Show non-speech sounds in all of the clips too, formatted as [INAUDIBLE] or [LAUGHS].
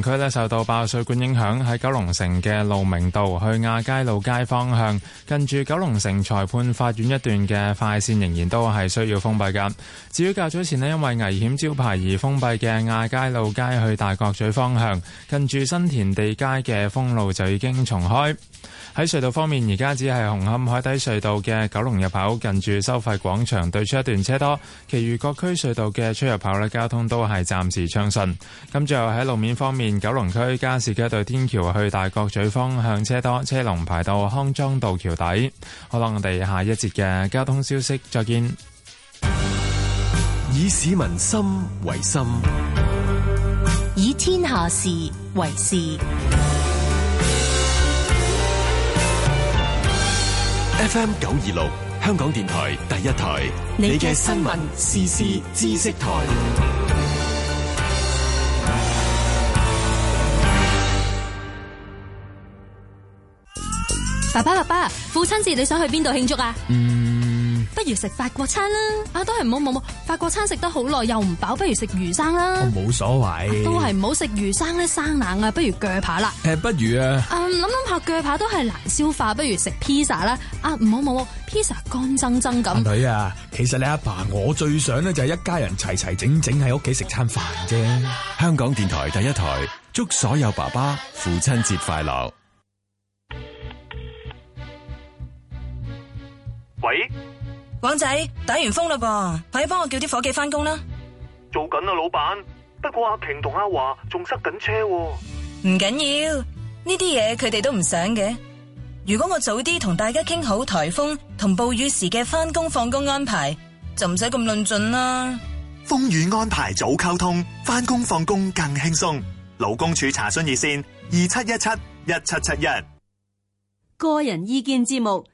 區咧受到爆水管影響，喺九龍城嘅路明道去亞皆老街方向，近住九龍城裁判法院一段嘅快線仍然都係需要封閉噶。至於較早前咧因為危險招牌而封閉嘅亞皆老街去大角咀方向，近住新填地街嘅封路就已經重開。喺隧道方面，而家只係紅磡海底隧道嘅九龍入口近住收費廣場對出一段車多，其餘各區隧道嘅出入口呢，交通都係暫時暢順。咁最後喺路面方面，九龍區加士居道天橋去大角咀方向車多，車龍排到康莊道橋底。好啦，我哋下一節嘅交通消息再見。以市民心為心，以天下事為事。FM 九二六香港電台第一台，你嘅的 新聞時事知識台。爸爸爸爸，父親節你想去邊度慶祝啊？嗯。不如食法國餐啦！啊，都係唔好冇冇法國餐食得好耐又唔飽，不如食魚生啦。我冇所謂、啊，都係唔好食魚生咧，生冷啊，不如鋸扒啦。誒、呃，不如啊。嗯、啊，諗諗下鋸扒都係難消化，不如食披薩啦。啊，唔好冇冇披薩乾爭爭咁。阿女啊，其實你阿爸，爸我最想咧就係一家人齊齊整整喺屋企食餐飯啫。香港電台第一台，祝所有爸爸父親節快樂。喂。港仔打完風嘞噃，快幫我叫啲夥計翻工啦！做緊啊，老闆。不過阿瓊同阿華仲塞緊車喎。唔緊要，呢啲嘢佢哋都唔想嘅。如果我早啲同大家傾好台風同暴雨時嘅翻工放工安排，就唔使咁論盡啦。風雨安排早溝通，翻工放工更輕鬆。勞工處查詢熱線：二七一七一七七一。個人意見節目。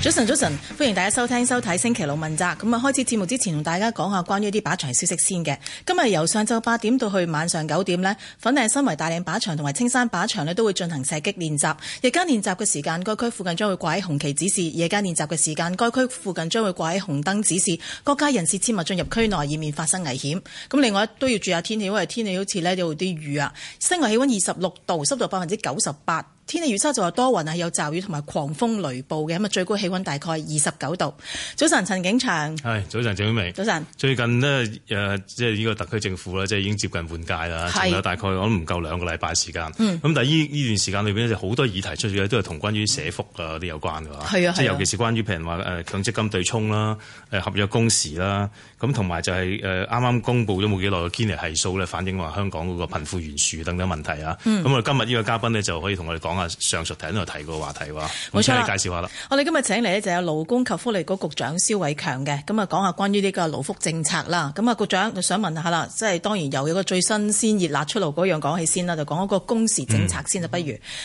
早晨，早晨，歡迎大家收聽收睇《星期六問責》。咁啊，開始節目之前同大家講下關於啲靶場消息先嘅。今日由上晝八點到去晚上九點呢，粉嶺新圍大嶺靶場同埋青山靶場呢都會進行射擊練習。日間練習嘅時間，該區附近將會掛喺紅旗指示；夜間練習嘅時間，該區附近將會掛喺紅燈指示。各界人士切勿進入區內，以免發生危險。咁另外都要注意下天氣，因為天氣好似呢有啲雨啊。室外氣溫二十六度，濕度百分之九十八。天氣預測就話多雲啊，有驟雨同埋狂風雷暴嘅。咁啊，最高氣温大概二十九度。早晨，陳景祥。係、哎，早晨，鄭婉薇。早晨安。最近呢，誒、呃，即係呢個特區政府咧，即係已經接近換屆啦，仲有是大概我都唔夠兩個禮拜時間。咁、嗯、但係呢呢段時間裏邊咧，就好多議題出嚟都係同關於社福啊啲有關㗎嘛。啊、嗯、即係尤其是關於譬如話誒強積金對沖啦、誒合約工時啦，咁同埋就係誒啱啱公布咗冇幾耐嘅堅尼係數咧，反映話香港嗰個貧富懸殊等等問題啊。嗯。咁啊、嗯，我今日呢個嘉賓呢，就可以同我哋講。上述題提呢度提個話題喎，冇錯你介紹下啦。我哋今日請嚟咧就有勞工及福利局局長蕭偉強嘅，咁啊講下關於呢個勞福政策啦。咁啊，局長就想問下啦，即係當然又有個最新鮮熱辣出爐嗰樣講起先啦，就講嗰個工時政策先就、嗯、不如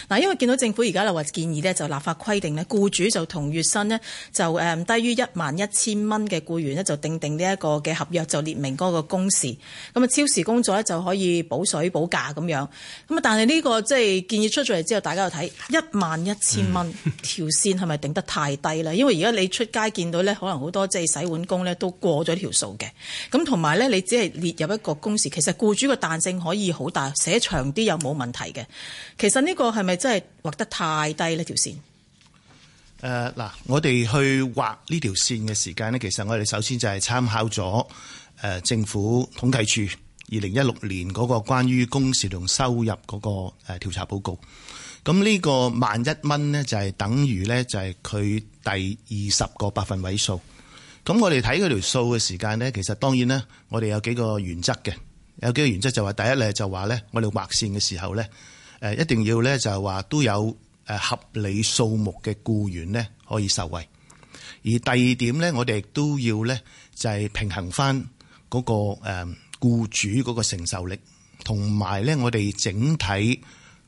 嗱，因為見到政府而家就話建議呢，就立法規定呢，雇主就同月薪呢，就誒低於一萬一千蚊嘅雇員呢，就訂定呢一個嘅合約就列明嗰個工時，咁啊超時工作呢，就可以補水補假咁樣，咁啊但係呢個即係建議出咗嚟之後，大家。睇一萬一千蚊條線係咪頂得太低咧？因為而家你出街見到呢，可能好多即係洗碗工呢都過咗條數嘅。咁同埋呢，你只係列入一個工時，其實僱主嘅彈性可以好大，寫長啲又冇問題嘅。其實呢個係咪真係畫得太低呢條線？誒嗱、 [MUSIC] uh，我哋去畫呢條線嘅時間呢，其實我哋首先就係參考咗誒、呃、政府統計處二零一六年嗰個關於工時同收入嗰個誒調查報告。咁呢個萬一蚊咧，就係等於咧，就係佢第二十個百分位數。咁我哋睇嗰條數嘅時間咧，其實當然咧，我哋有幾個原則嘅，有幾個原則就話第一咧就話咧，我哋劃線嘅時候咧，誒一定要咧就係話都有誒合理數目嘅僱員咧可以受惠。而第二點咧，我哋亦都要咧就係平衡翻嗰個誒僱主嗰個承受力，同埋咧我哋整體。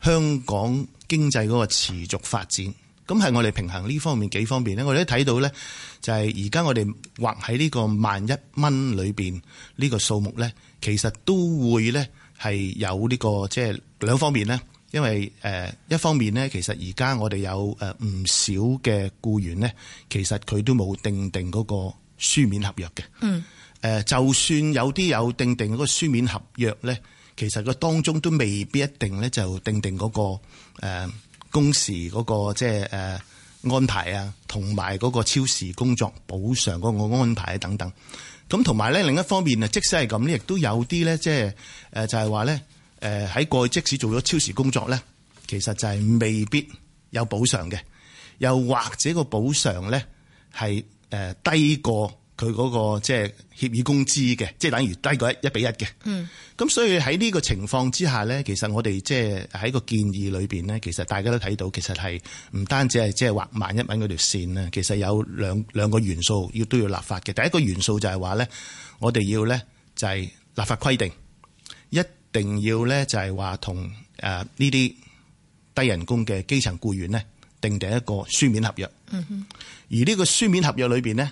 香港經濟嗰個持續發展，咁係我哋平衡呢方面幾方面咧，我哋都睇到咧，就係而家我哋劃喺呢個萬一蚊裏邊呢個數目咧，其實都會咧係有呢、這個即係、就是、兩方面咧。因為誒、呃、一方面咧，其實而家我哋有誒唔少嘅僱員咧，其實佢都冇訂定嗰個書面合約嘅。嗯。誒、呃，就算有啲有訂定嗰個書面合約咧。其實個當中都未必一定咧，就定定嗰個誒工時嗰個即係誒安排啊，同埋嗰個超時工作補償嗰個安排啊等等。咁同埋咧，另一方面啊，即使係咁咧，亦都有啲咧即係誒就係話咧誒喺過去即使做咗超時工作咧，其實就係未必有補償嘅，又或者個補償咧係誒低過佢嗰個即係協議工資嘅，即係等於低過一一比一嘅。嗯。咁所以喺呢個情況之下咧，其實我哋即係喺個建議裏邊咧，其實大家都睇到，其實係唔單止係即係劃萬一蚊嗰條線咧，其實有兩兩個元素要都要立法嘅。第一個元素就係話咧，我哋要咧就係立法規定，一定要咧就係話同誒呢啲低人工嘅基層雇員咧訂定一個書面合約。嗯哼。而呢個書面合約裏邊咧。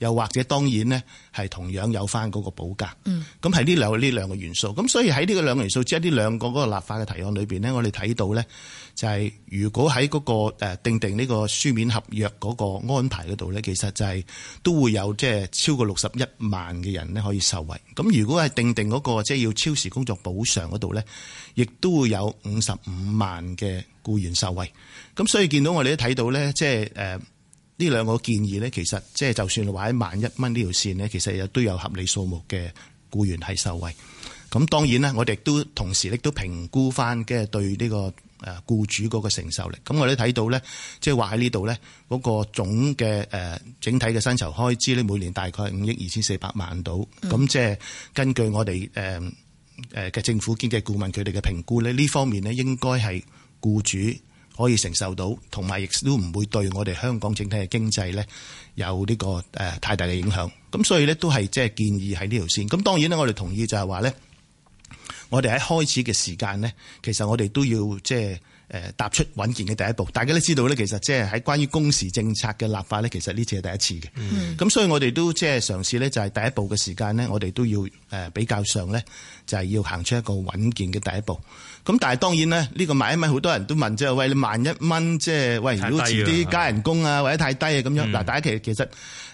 又或者當然呢係同樣有翻嗰個保價。嗯，咁喺呢兩呢兩個元素，咁所以喺呢個兩個元素，即係呢兩個嗰個立法嘅提案裏邊呢，我哋睇到呢就係如果喺嗰個誒訂定呢個書面合約嗰個安排嗰度呢，其實就係都會有即係超過六十一萬嘅人呢可以受惠。咁如果係訂定嗰、那個即係、就是、要超時工作補償嗰度呢，亦都會有五十五萬嘅僱員受惠。咁所以見到我哋都睇到呢，即係誒。呃呢兩個建議咧，其實即係就算話喺一萬一蚊呢條線呢，其實亦都有合理數目嘅僱員係受惠。咁當然咧，我哋都同時亦都評估返，即係對呢個誒僱主嗰個承受力。咁我哋睇到咧，即係話喺呢度咧，嗰個總嘅誒整體嘅薪酬開支咧，每年大概五億二千四百萬度。咁即係根據我哋誒誒嘅政府經濟顧問佢哋嘅評估咧，呢方面咧應該係僱主。可以承受到，同埋亦都唔會對我哋香港整體嘅經濟咧有呢個誒太大嘅影響。咁所以咧都係即係建議喺呢條線。咁當然咧，我哋同意就係話咧，我哋喺開始嘅時間咧，其實我哋都要即係誒踏出穩健嘅第一步。大家都知道咧，其實即係喺關於工時政策嘅立法咧，其實呢次係第一次嘅。咁、嗯、所以我哋都即係嘗試咧，就係第一步嘅時間咧，我哋都要誒比較上咧，就係要行出一個穩健嘅第一步。咁但係當然咧，呢個萬一蚊好多人都問，即係喂你萬一蚊，即係喂，如果遲啲加人工啊，或者太低啊，咁樣嗱，嗯、大家其其實。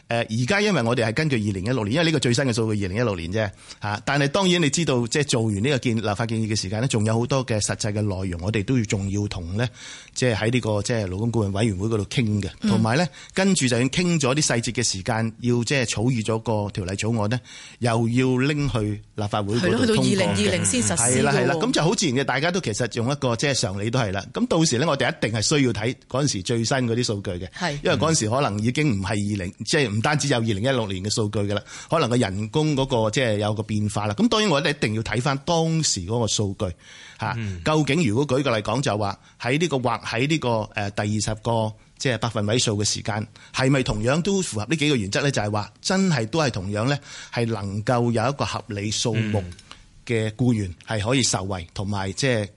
誒而家因為我哋係根據二零一六年，因為呢個最新嘅數據二零一六年啫嚇。但係當然你知道，即係做完呢個立法建議嘅時間咧，仲有好多嘅實際嘅內容，我哋都要仲要同呢，即係喺呢個即係勞工顧問委員會嗰度傾嘅。同埋呢，嗯、跟住就算傾咗啲細節嘅時間，要即係草擬咗個條例草案呢，又要拎去立法會嗰度通過嘅。係咯，去到二零二零先實施。係啦係啦，咁就好自然嘅，大家都其實用一個即係常理都係啦。咁到時呢，我哋一定係需要睇嗰陣時最新嗰啲數據嘅。因為嗰陣時可能已經唔係二零，即係。唔單止有二零一六年嘅數據㗎啦，可能個人工嗰個即係有個變化啦。咁當然我哋一定要睇翻當時嗰個數據，嗯、究竟如果舉個例講就係話喺呢個或喺呢個誒第二十個即係百分位數嘅時間，係咪同樣都符合呢幾個原則咧？就係、是、話真係都係同樣咧，係能夠有一個合理數目嘅僱員係可以受惠，同埋即係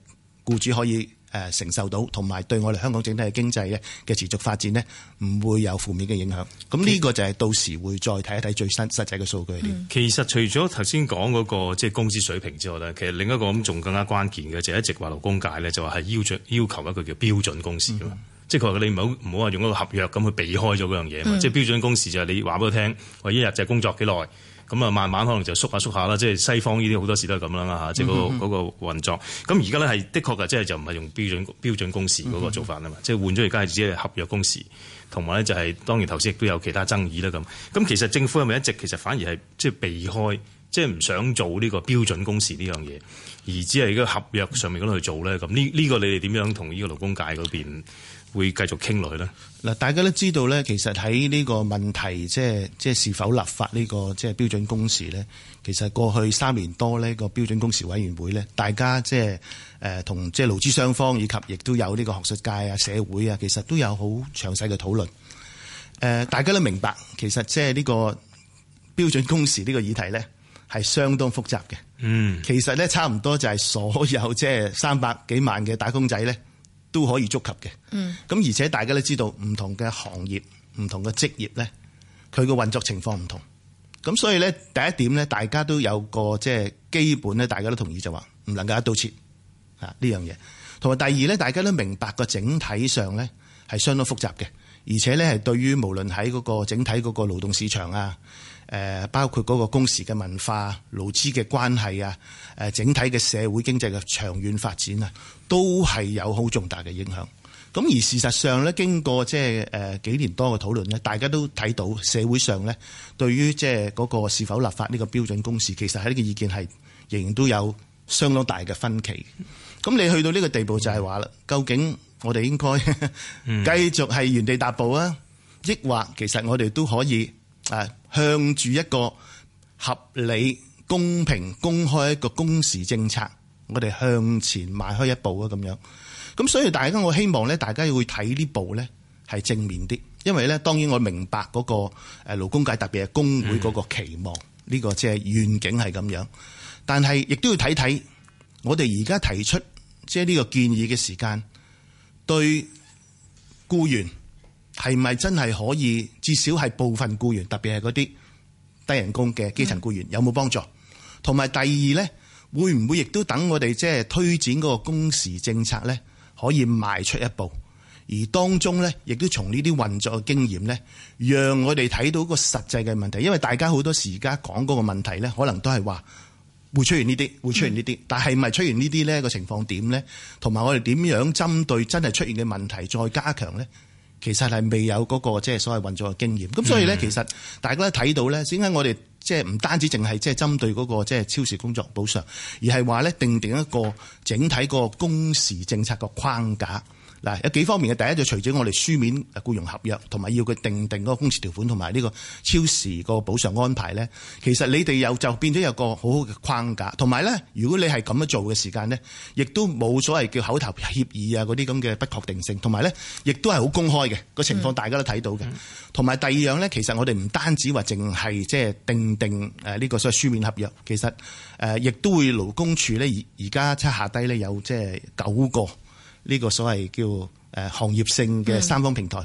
僱主可以。誒、呃、承受到同埋對我哋香港整體嘅經濟咧嘅持續發展呢，唔會有負面嘅影響。咁呢個就係到時會再睇一睇最新實際嘅數據。其實除咗頭先講嗰個即係工資水平之外咧，其實另一個咁仲更加關鍵嘅就係、一直話勞工界咧就話係要求要求一個叫標準工時、嗯、即係佢話你唔好唔好話用一個合約咁去避開咗嗰樣嘢，即係標準工時，就係你話俾我聽，我一日就係工作幾耐。咁啊，慢慢可能就縮下縮下啦，即係西方呢啲好多時都係咁啦嘛嚇，即係嗰個嗰個運作。咁而家咧係的確啊，即係就唔係用標準標準工時嗰個做法啊嘛，即係、嗯、哼換咗而家係只係合約工時，同埋咧就係、是、當然頭先亦都有其他爭議啦咁。咁其實政府係咪一直其實反而係即係避開，即係唔想做呢個標準工時呢樣嘢，而只係喺個合約上面嗰度去做咧咁？呢呢個你哋點樣同呢個勞工界嗰邊？會繼續傾落去咧。嗱，大家都知道咧，其實喺呢個問題，即係即係是否立法呢個即係標準工時咧。其實過去三年多呢、呢個標準工時委員會咧，大家即係誒、呃、同即係勞資雙方以及亦都有呢個學術界啊、社會啊，其實都有好詳細嘅討論。誒、呃，大家都明白，其實即係呢個標準工時呢個議題咧，係相當複雜嘅。嗯，其實咧，差唔多就係所有即係三百幾萬嘅打工仔咧，都可以觸及嘅，咁、嗯、而且大家都知道唔同嘅行業、唔同嘅職業呢，佢個運作情況唔同，咁所以呢，第一點呢，大家都有個即係基本呢，大家都同意就話唔能夠一刀切啊呢樣嘢，同埋第二呢，大家都明白個整體上呢係相當複雜嘅，而且呢係對於無論喺嗰個整體嗰個勞動市場啊。誒包括嗰個工時嘅文化、勞資嘅關係啊、誒整體嘅社會經濟嘅長遠發展啊，都係有好重大嘅影響。咁而事實上咧，經過即係誒幾年多嘅討論咧，大家都睇到社會上咧對於即係嗰個是否立法呢個標準工時，其實喺呢個意見係仍然都有相當大嘅分歧。咁你去到呢個地步就係話啦，究竟我哋應該繼續係原地踏步啊，抑或其實我哋都可以？誒向住一個合理、公平、公開一個公示政策，我哋向前邁開一步啊！咁樣，咁所以大家我希望咧，大家要會睇呢步咧係正面啲，因為咧當然我明白嗰個誒勞工界特別係工會嗰個期望，呢個即係願景係咁樣，但係亦都要睇睇我哋而家提出即係呢個建議嘅時間對僱員。係咪真係可以？至少係部分僱員，特別係嗰啲低人工嘅基層僱員，嗯、有冇幫助？同埋第二呢，會唔會亦都等我哋即係推展嗰個工時政策呢，可以邁出一步？而當中呢，亦都從呢啲運作嘅經驗呢，讓我哋睇到個實際嘅問題。因為大家好多時而家講嗰個問題呢，可能都係話會出現呢啲，會出現呢啲。嗯、但係咪出現呢啲呢個情況點呢？同埋我哋點樣針對真係出現嘅問題再加強呢？其實係未有嗰個即係所謂運作嘅經驗，咁所以咧，其實大家都睇到咧，點解我哋即係唔單止淨係即係針對嗰個即係超時工作補償，而係話咧，訂定一個整體個工時政策嘅框架。嗱，有幾方面嘅，第一就隨住我哋書面僱傭合約，同埋要佢定定嗰個工時條款，同埋呢個超時個補償安排咧。其實你哋有就變咗有個好好嘅框架，同埋咧，如果你係咁樣做嘅時間咧，亦都冇所謂叫口頭協議啊嗰啲咁嘅不確定性，同埋咧，亦都係好公開嘅個情況，大家都睇到嘅。同埋第二樣咧，其實我哋唔單止話淨係即係定定誒呢個所謂書面合約，其實誒亦都會勞工處咧而而家即係下低咧有即係九個。呢個所謂叫誒行業性嘅三方平台，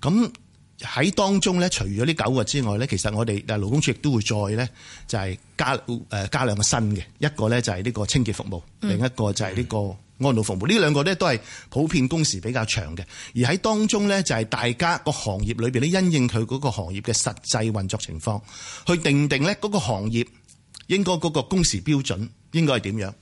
咁喺當中咧，除咗呢九個之外咧，其實我哋誒勞工處亦都會再咧，就係加誒加兩個新嘅，一個咧就係呢個清潔服務，另一個就係呢個安老服務。呢兩個咧都係普遍工時比較長嘅，而喺當中咧就係大家個行業裏邊咧，因應佢嗰個行業嘅實際運作情況，去定定咧嗰個行業應該嗰個工時標準應該係點樣，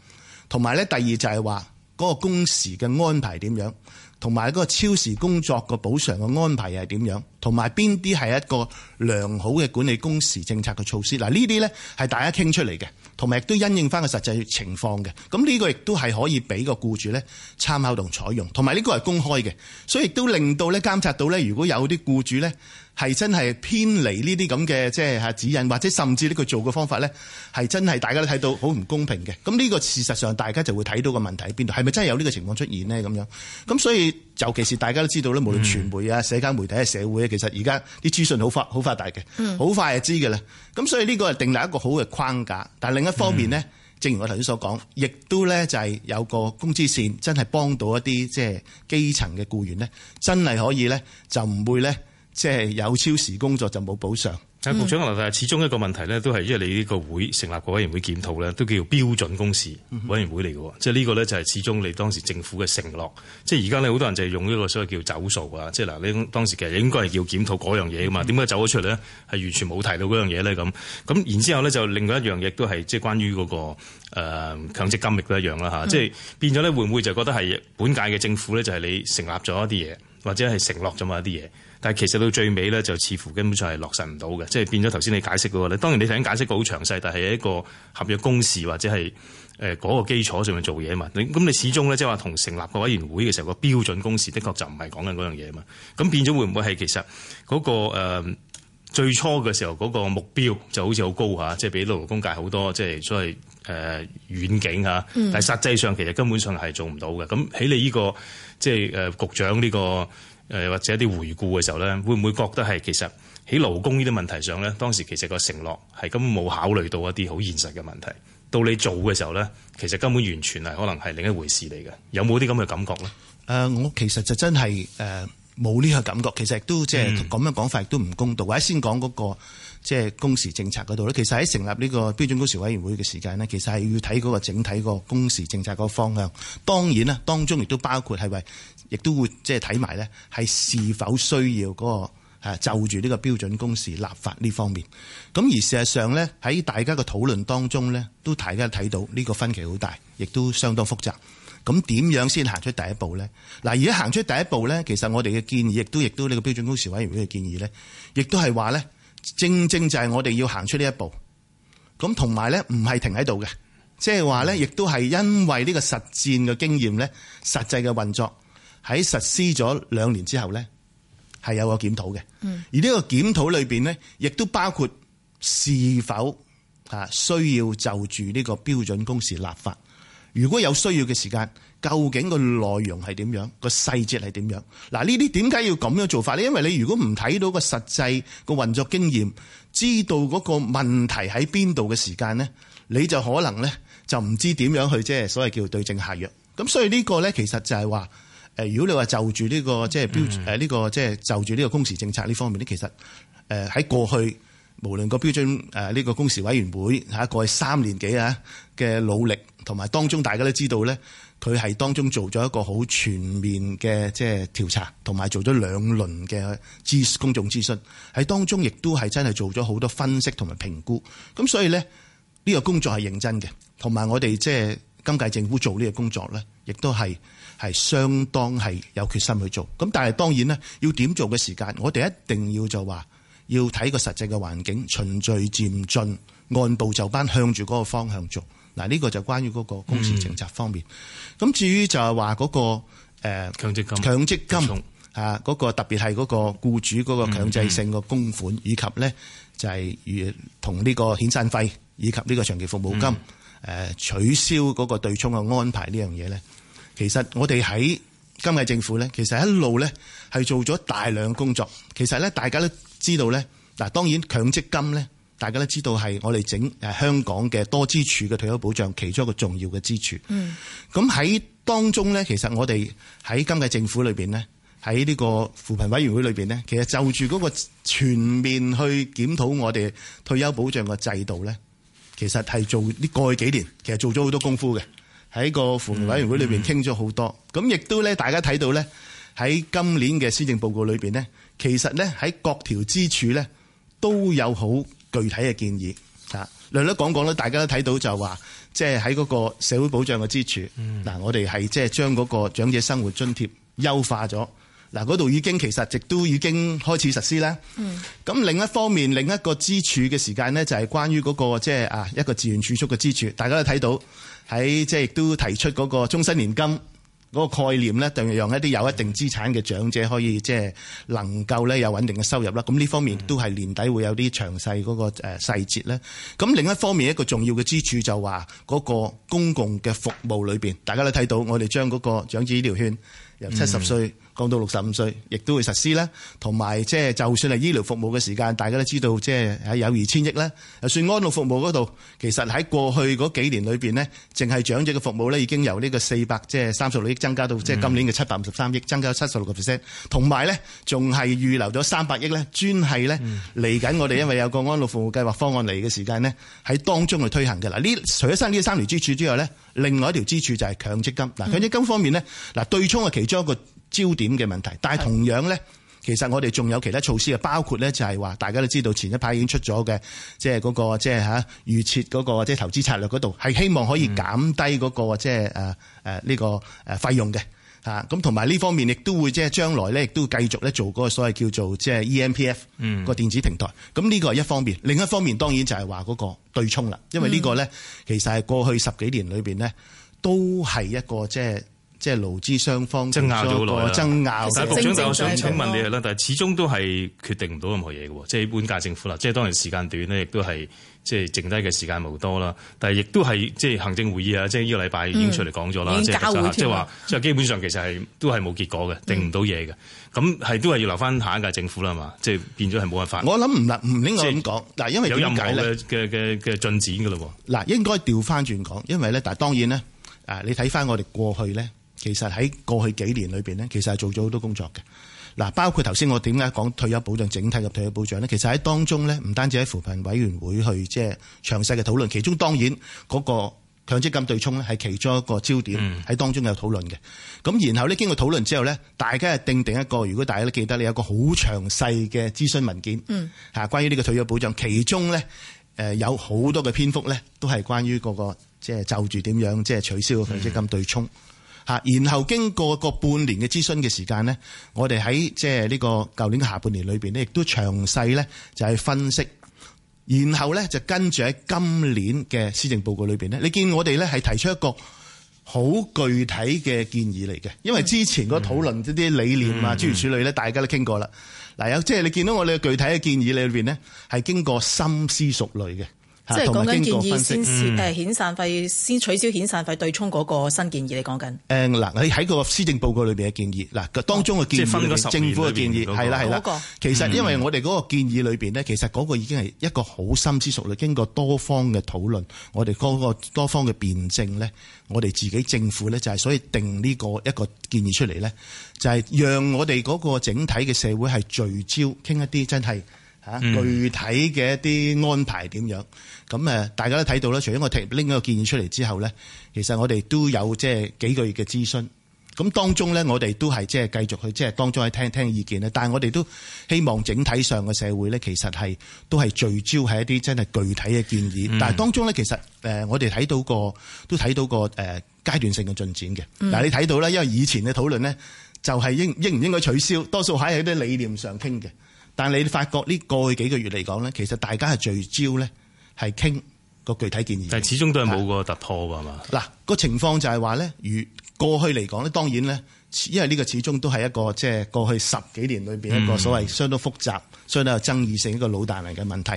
同埋咧第二就係話。嗰個工時嘅安排點樣，同埋嗰個超時工作嘅補償嘅安排係點樣，同埋邊啲係一個良好嘅管理工時政策嘅措施？嗱，啊，呢啲呢係大家傾出嚟嘅，同埋亦都因應返個實際情況嘅。咁呢個亦都係可以俾個僱主呢參考同採用，同埋呢個係公開嘅，所以亦都令到呢監察到呢，如果有啲僱主呢。係真係偏離呢啲咁嘅，即係指引，或者甚至呢個做嘅方法呢，係真係大家都睇到好唔公平嘅。咁呢個事實上，大家就會睇到個問題喺邊度係咪真係有呢個情況出現呢？咁樣咁，所以尤其是大家都知道呢，無論傳媒啊、社交媒體啊、社會咧，其實而家啲資訊好發好發達嘅，好快就知嘅啦。咁所以呢個係定立一個好嘅框架，但另一方面呢，嗯、正如我頭先所講，亦都呢就係有個工資線，真係幫到一啲即係基層嘅僱員呢，真係可以呢，就唔會呢。即係有超時工作就冇補償。啊，局長話，但係始終一個問題咧，都係因為你呢個會成立個委員會檢討咧，都叫標準工時委員會嚟嘅。嗯嗯，即係呢個咧就係始終你當時政府嘅承諾。即係而家咧好多人就係用呢個所謂叫走數啊。即係嗱，你當時其實應該係叫檢討嗰樣嘢噶嘛。點解走咗出嚟咧？係完全冇提到嗰樣嘢咧咁。咁然之後咧就另外一樣嘢都係即係關於嗰，嗰個誒、呃、強積金亦都一樣啦吓，即係變咗咧會唔會就覺得係本屆嘅政府咧就係你成立咗一啲嘢，或者係承諾咗嘛一啲嘢？但係其實到最尾咧，就似乎根本上係落實唔到嘅，即係變咗頭先你解釋嗰個咧。當然你頭先解釋過好詳細，但係喺一個合約工時或者係誒嗰個基礎上面做嘢啊嘛。咁你始終咧，即係話同成立個委員會嘅時候個標準工時的確就唔係講緊嗰樣嘢啊嘛。咁變咗會唔會係其實嗰個、那個、呃、最初嘅時候嗰個目標就好似好高嚇，即係俾勞勞工界好多即係所謂誒、呃、遠景嚇。但係實際上其實根本上係做唔到嘅。咁喺你呢個即係誒、呃、局長呢、這個。誒或者一啲回顧嘅時候咧，會唔會覺得係其實喺勞工呢啲問題上咧，當時其實個承諾係根本冇考慮到一啲好現實嘅問題，到你做嘅時候咧，其實根本完全係可能係另一回事嚟嘅。有冇啲咁嘅感覺咧？誒、呃，我其實就真係誒冇呢個感覺。其實都即係咁樣講法，亦都唔公道。嗯，或者先講嗰個。即係工時政策嗰度咧，其實喺成立呢個標準工時委員會嘅時間咧，其實係要睇嗰個整體個工時政策個方向。當然啦，當中亦都包括係為，亦都會即係睇埋咧，係是否需要嗰、那個就住呢個標準工時立法呢方面。咁而事實上咧，喺大家嘅討論當中咧，都大家睇到呢個分歧好大，亦都相當複雜。咁點樣先行出第一步咧？嗱，而家行出第一步咧，其實我哋嘅建議亦都，亦都呢個標準工時委員會嘅建議咧，亦都係話咧。正正就係我哋要行出呢一步，咁同埋咧唔係停喺度嘅，即係話咧亦都係因為呢個實戰嘅經驗咧，實際嘅運作喺實施咗兩年之後咧係有個檢討嘅，嗯、而呢個檢討裏邊呢，亦都包括是否啊需要就住呢個標準工時立法，如果有需要嘅時間。究竟個內容係點樣？個細節係點樣？嗱呢啲點解要咁樣做法咧？因為你如果唔睇到個實際個運作經驗，知道嗰個問題喺邊度嘅時間咧，你就可能咧就唔知點樣去即係所謂叫對症下藥。咁所以呢個咧其實就係話誒，如果你話就住呢個即係標準誒呢個即係就住呢個工時政策呢方面咧，其實誒喺過去無論個標準誒呢個工時委員會嚇過去三年幾呀嘅努力，同埋當中大家都知道咧。佢係當中做咗一個好全面嘅即係調查，同埋做咗兩輪嘅諮公眾諮詢，喺當中亦都係真係做咗好多分析同埋評估。咁所以咧，呢個工作係認真嘅，同埋我哋即係今屆政府做呢個工作咧，亦都係，係相當，係有決心去做。咁但係，當然咧，要點做嘅時間，我哋一定要就話，要睇個實際嘅環境，循序漸進，按部就班，向住嗰個方向做。嗱，呢個就關於嗰個公事政策方面。咁、嗯、至於就係話嗰個誒、呃、強積金、強積金重啊，嗰、那個特別係嗰個雇主嗰個強制性嘅供款，嗯嗯以、就是，以及咧就係與同呢個遣散費以及呢個長期服務金誒、嗯啊、取消嗰個對沖嘅安排呢樣嘢咧，其實我哋喺今屆政府咧，其實一路咧係做咗大量工作。其實咧，大家都知道咧，嗱當然強積金咧。大家都知道係我哋整誒香港嘅多支柱嘅退休保障其中一個重要嘅支柱。咁喺、嗯、當中咧，其實我哋喺今屆政府裏邊呢，喺呢個扶貧委員會裏邊呢，其實就住嗰個全面去檢討我哋退休保障嘅制度咧，其實係做啲過去幾年其實做咗好多功夫嘅，喺個扶貧委員會裏邊傾咗好多。咁亦、嗯、都咧，大家睇到咧喺今年嘅施政報告裏邊呢，其實咧喺各條支柱咧都有好。具體嘅建議啊，略略講講咧，大家都睇到就話，即係喺嗰個社會保障嘅支柱，嗱、嗯啊，我哋係即係將嗰個長者生活津貼優化咗，嗱、啊，嗰度已經其實亦都已經開始實施啦。咁、嗯、另一方面，另一個支柱嘅時間咧，就係、是、關於嗰、那個即係、就是、啊一個自願儲蓄嘅支柱，大家都睇到喺即係亦都提出嗰個終身年金。嗰個概念呢，就係讓一啲有一定資產嘅長者可以即係能夠呢有穩定嘅收入啦。咁呢方面都係年底會有啲詳細嗰個誒細節呢。咁另一方面一個重要嘅支柱就話嗰個公共嘅服務裏邊，大家都睇到我哋將嗰個長者醫療券、嗯、由七十歲，降到六十五歲，亦都會實施咧。同埋即係，就算係醫療服務嘅時間，大家都知道，即係係有二千億咧。就算安老服務嗰度，其實喺過去嗰幾年裏邊咧，淨係長者嘅服務咧，已經由呢個四百即係三十六億增加到即係今年嘅七百五十三億，增加咗七十六個 percent。同埋咧，仲係預留咗三百億咧，專係咧嚟緊我哋因為有個安老服務計劃方案嚟嘅時間咧，喺當中去推行嘅嗱。呢除咗新呢三條支柱之外咧，另外一條支柱就係強積金嗱。強積金方面咧，嗱對沖係其中一個。焦點嘅問題，但係同樣咧，其實我哋仲有其他措施啊，包括咧就係、是、話大家都知道前一排已經出咗嘅，即係嗰個即係吓預設嗰、那個即係、就是、投資策略嗰度，係希望可以減低嗰、那個即係誒誒呢個誒費用嘅吓，咁、啊、同埋呢方面亦都會即係將來咧，亦都繼續咧做嗰個所謂叫做即係 EMPF 個電子平台。咁呢個係一方面，另一方面當然就係話嗰個對沖啦，因為個呢個咧其實係過去十幾年裏邊咧都係一個即係。就是即係勞資雙方爭拗咗，爭拗，但係局長我想請問你係啦，但係始終都係決定唔到任何嘢嘅喎，即係本屆政府啦，即係當然時間短咧，亦都係即係剩低嘅時間無多啦。但係亦都係即係行政會議啊，即係呢個禮拜已經出嚟講咗啦，即係即係話即係基本上其實係都係冇結果嘅，定唔到嘢嘅。咁係都係要留翻下一屆政府啦嘛，即係變咗係冇辦法。我諗唔能唔應該咁講嗱，因為有任何嘅嘅嘅嘅進展嘅咯喎。嗱，應該調翻轉講，因為咧，但係當然咧，啊，你睇翻我哋過去咧。其實喺過去幾年裏邊呢，其實係做咗好多工作嘅。嗱，包括頭先我點解講退休保障整體嘅退休保障呢？其實喺當中呢，唔單止喺扶貧委員會去即係詳細嘅討論，其中當然嗰個強積金對沖呢，係其中一個焦點喺當中有討論嘅。咁然後呢，經過討論之後呢，大家係定定一個。如果大家都記得，你有個好詳細嘅諮詢文件，嚇，關於呢個退休保障，其中呢，誒有好多嘅篇幅呢，都係關於嗰個即係就住點樣即係取消強積金對沖。嚇，然後經過個半年嘅諮詢嘅時間呢，我哋喺即係呢個舊年下半年裏邊呢，亦都詳細呢就係分析，然後呢就跟住喺今年嘅施政報告裏邊呢，你見我哋呢係提出一個好具體嘅建議嚟嘅，因為之前個討論啲理念啊，嗯、諸如此類呢，大家都傾過啦。嗱，有即係你見到我哋嘅具體嘅建議裏邊呢，係經過深思熟慮嘅。即係講緊建議，先誒遣散費先取消遣散費對沖嗰個新建議，嗯、你講緊？誒嗱，你喺個施政報告裏邊嘅建議嗱，當中嘅建議，政府嘅建議係啦，係啦。其實因為我哋嗰個建議裏邊呢，嗯、其實嗰個已經係一個好深思熟慮、經過多方嘅討論，我哋嗰個多方嘅辯證呢，我哋自己政府呢，就係所以定呢個一個建議出嚟呢，就係、是、讓我哋嗰個整體嘅社會係聚焦傾一啲真係。具體嘅一啲安排點樣？咁誒，大家都睇到啦。除咗我提拎一個建議出嚟之後咧，其實我哋都有即係幾個月嘅諮詢。咁當中咧，我哋都係即係繼續去即係當中去聽聽意見咧。但係我哋都希望整體上嘅社會咧，其實係都係聚焦喺一啲真係具體嘅建議。嗯、但係當中咧，其實誒我哋睇到個都睇到個誒階段性嘅進展嘅。嗱，嗯、你睇到咧，因為以前嘅討論咧就係應應唔應該取消，多數喺喺啲理念上傾嘅。但係你發覺呢過去幾個月嚟講咧，其實大家係聚焦咧係傾個具體建議。但係始終都係冇個突破㗎嘛？嗱個、啊、吧情況就係話咧，如過去嚟講咧，當然咧，因為呢個始終都係一個即係、就是、過去十幾年裏邊一個所謂相當複雜、嗯、相當有爭議性一個老大難嘅問題。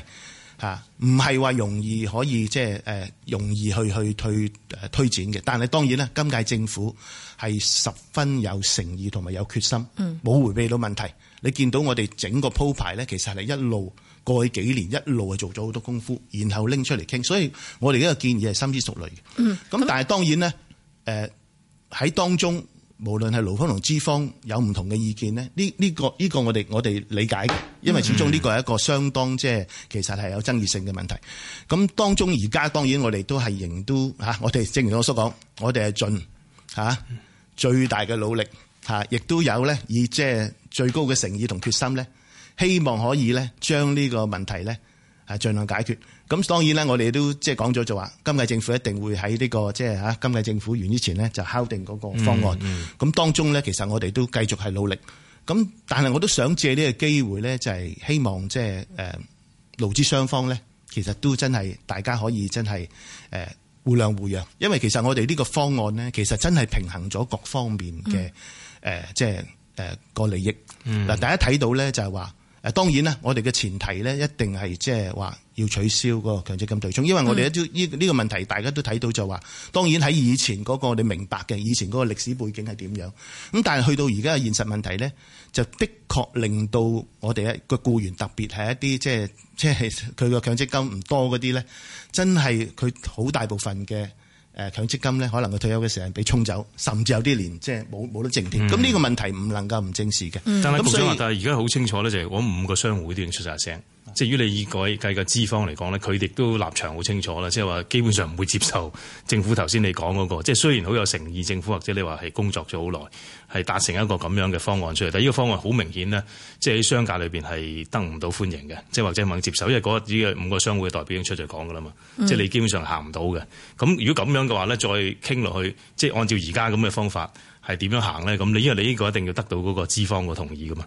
嚇，唔係話容易可以即係誒容易去去去、呃、推展嘅。但係當然咧，今屆政府係十分有誠意同埋有決心，冇、嗯、回避到問題。你見到我哋整個鋪排咧，其實係一路過去幾年一路係做咗好多功夫，然後拎出嚟傾。所以我哋呢個建議係深思熟慮嘅。咁、嗯、但係當然咧，誒、呃、喺當中。無論係勞方同資方有唔同嘅意見咧，呢呢個呢個我哋我哋理解嘅，因為始終呢個係一個相當即係其實係有爭議性嘅問題。咁當中而家當然我哋都係仍都嚇，我哋正如我所講，我哋係盡嚇最大嘅努力嚇，亦都有咧以即係最高嘅誠意同決心咧，希望可以咧將呢個問題咧係盡量解決。咁當然啦，我哋都即係講咗就話，今屆政府一定會喺呢、這個即係嚇今屆政府完之前呢，就敲定嗰個方案。咁、嗯嗯、當中呢，其實我哋都繼續係努力。咁但係我都想借呢個機會呢，就係、是、希望即係誒勞資雙方呢，其實都真係大家可以真係誒、呃、互諒互讓，因為其實我哋呢個方案呢，其實真係平衡咗各方面嘅誒即係誒個利益。嗱、嗯，大家睇到呢，就係話。誒當然啦，我哋嘅前提咧，一定係即係話要取消個強積金對沖，因為我哋一招依呢個問題，大家都睇到就話，當然喺以前嗰個我哋明白嘅，以前嗰個歷史背景係點樣，咁但係去到而家嘅現實問題咧，就的確令到我哋嘅僱員特別係一啲即係即係佢個強積金唔多嗰啲咧，真係佢好大部分嘅。誒強積金咧，可能佢退休嘅時候畀沖走，甚至有啲連即係冇冇得淨添。咁呢、嗯、個問題唔能夠唔正視嘅。嗯、但咁是所以，但係而家好清楚咧，就係、是、我五個商會都已經出晒聲。至於你以改計嘅資方嚟講咧，佢哋都立場好清楚啦，即係話基本上唔會接受政府頭先你講嗰、嗰個。即係雖然好有誠意，政府或者你話係工作咗好耐，係達成一個咁樣嘅方案出嚟。但係呢個方案好明顯咧，即係喺商界裏邊係得唔到歡迎嘅，即係或者唔肯接受。因為嗰啲嘅五個商會嘅代表已經出咗講噶啦嘛，嗯、即係你基本上行唔到嘅。咁如果咁樣嘅話咧，再傾落去，即係按照而家咁嘅方法係點樣行咧？咁你因為你呢個一定要得到嗰個資方嘅同意噶嘛。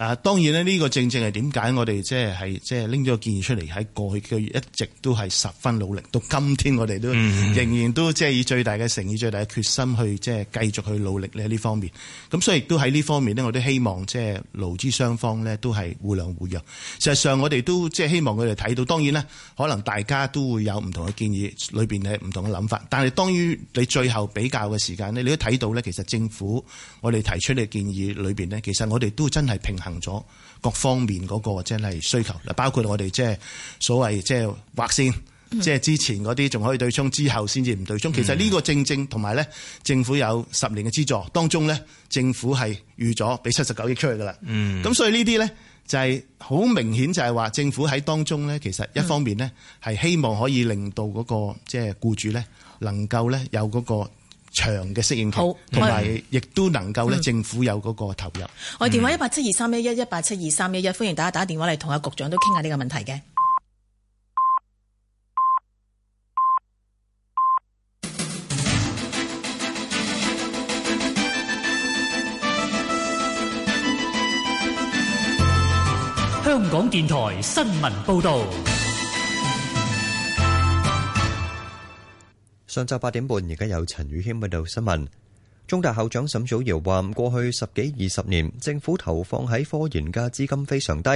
啊，當然咧，呢、呢個正正係點解我哋即係係即係拎咗個建議出嚟喺過去幾個月一直都係十分努力，到今天我哋都、mm hmm. 仍然都即係、就是、以最大嘅誠意、最大嘅決心去即係、就是、繼續去努力咧呢方面。咁所以亦都喺呢方面呢，我都希望即係、就是、勞資雙方呢都係互諒互讓。實際上我哋都即係、就是、希望佢哋睇到，當然咧可能大家都會有唔同嘅建議，裏邊係唔同嘅諗法。但係當於你最後比較嘅時間咧，你都睇到呢，其實政府我哋提出嘅建議裏邊呢，其實我哋都真係平衡。同咗各方面嗰個真係需求，嗱，包括我哋即係所謂即係劃線，即係之前嗰啲仲可以對沖，之後先至唔對沖。其實呢個正正同埋咧，政府有十年嘅資助，當中咧政府係預咗俾七十九億出去㗎啦。嗯。咁所以呢啲咧就係好明顯，就係話政府喺當中咧，其實一方面咧係希望可以令到嗰個即係僱主咧能夠咧有嗰個長嘅適應期，同埋亦都能夠咧，政府有嗰個投入。嗯、我哋電話一八七二三一一一八七二三一一，歡迎大家打電話嚟同阿局長都傾下呢個問題嘅。嗯、香港電台新聞報導。上晝八點半，而家有陳宇謙報道新聞。中大校長沈祖堯話：過去十幾二十年，政府投放喺科研嘅資金非常低。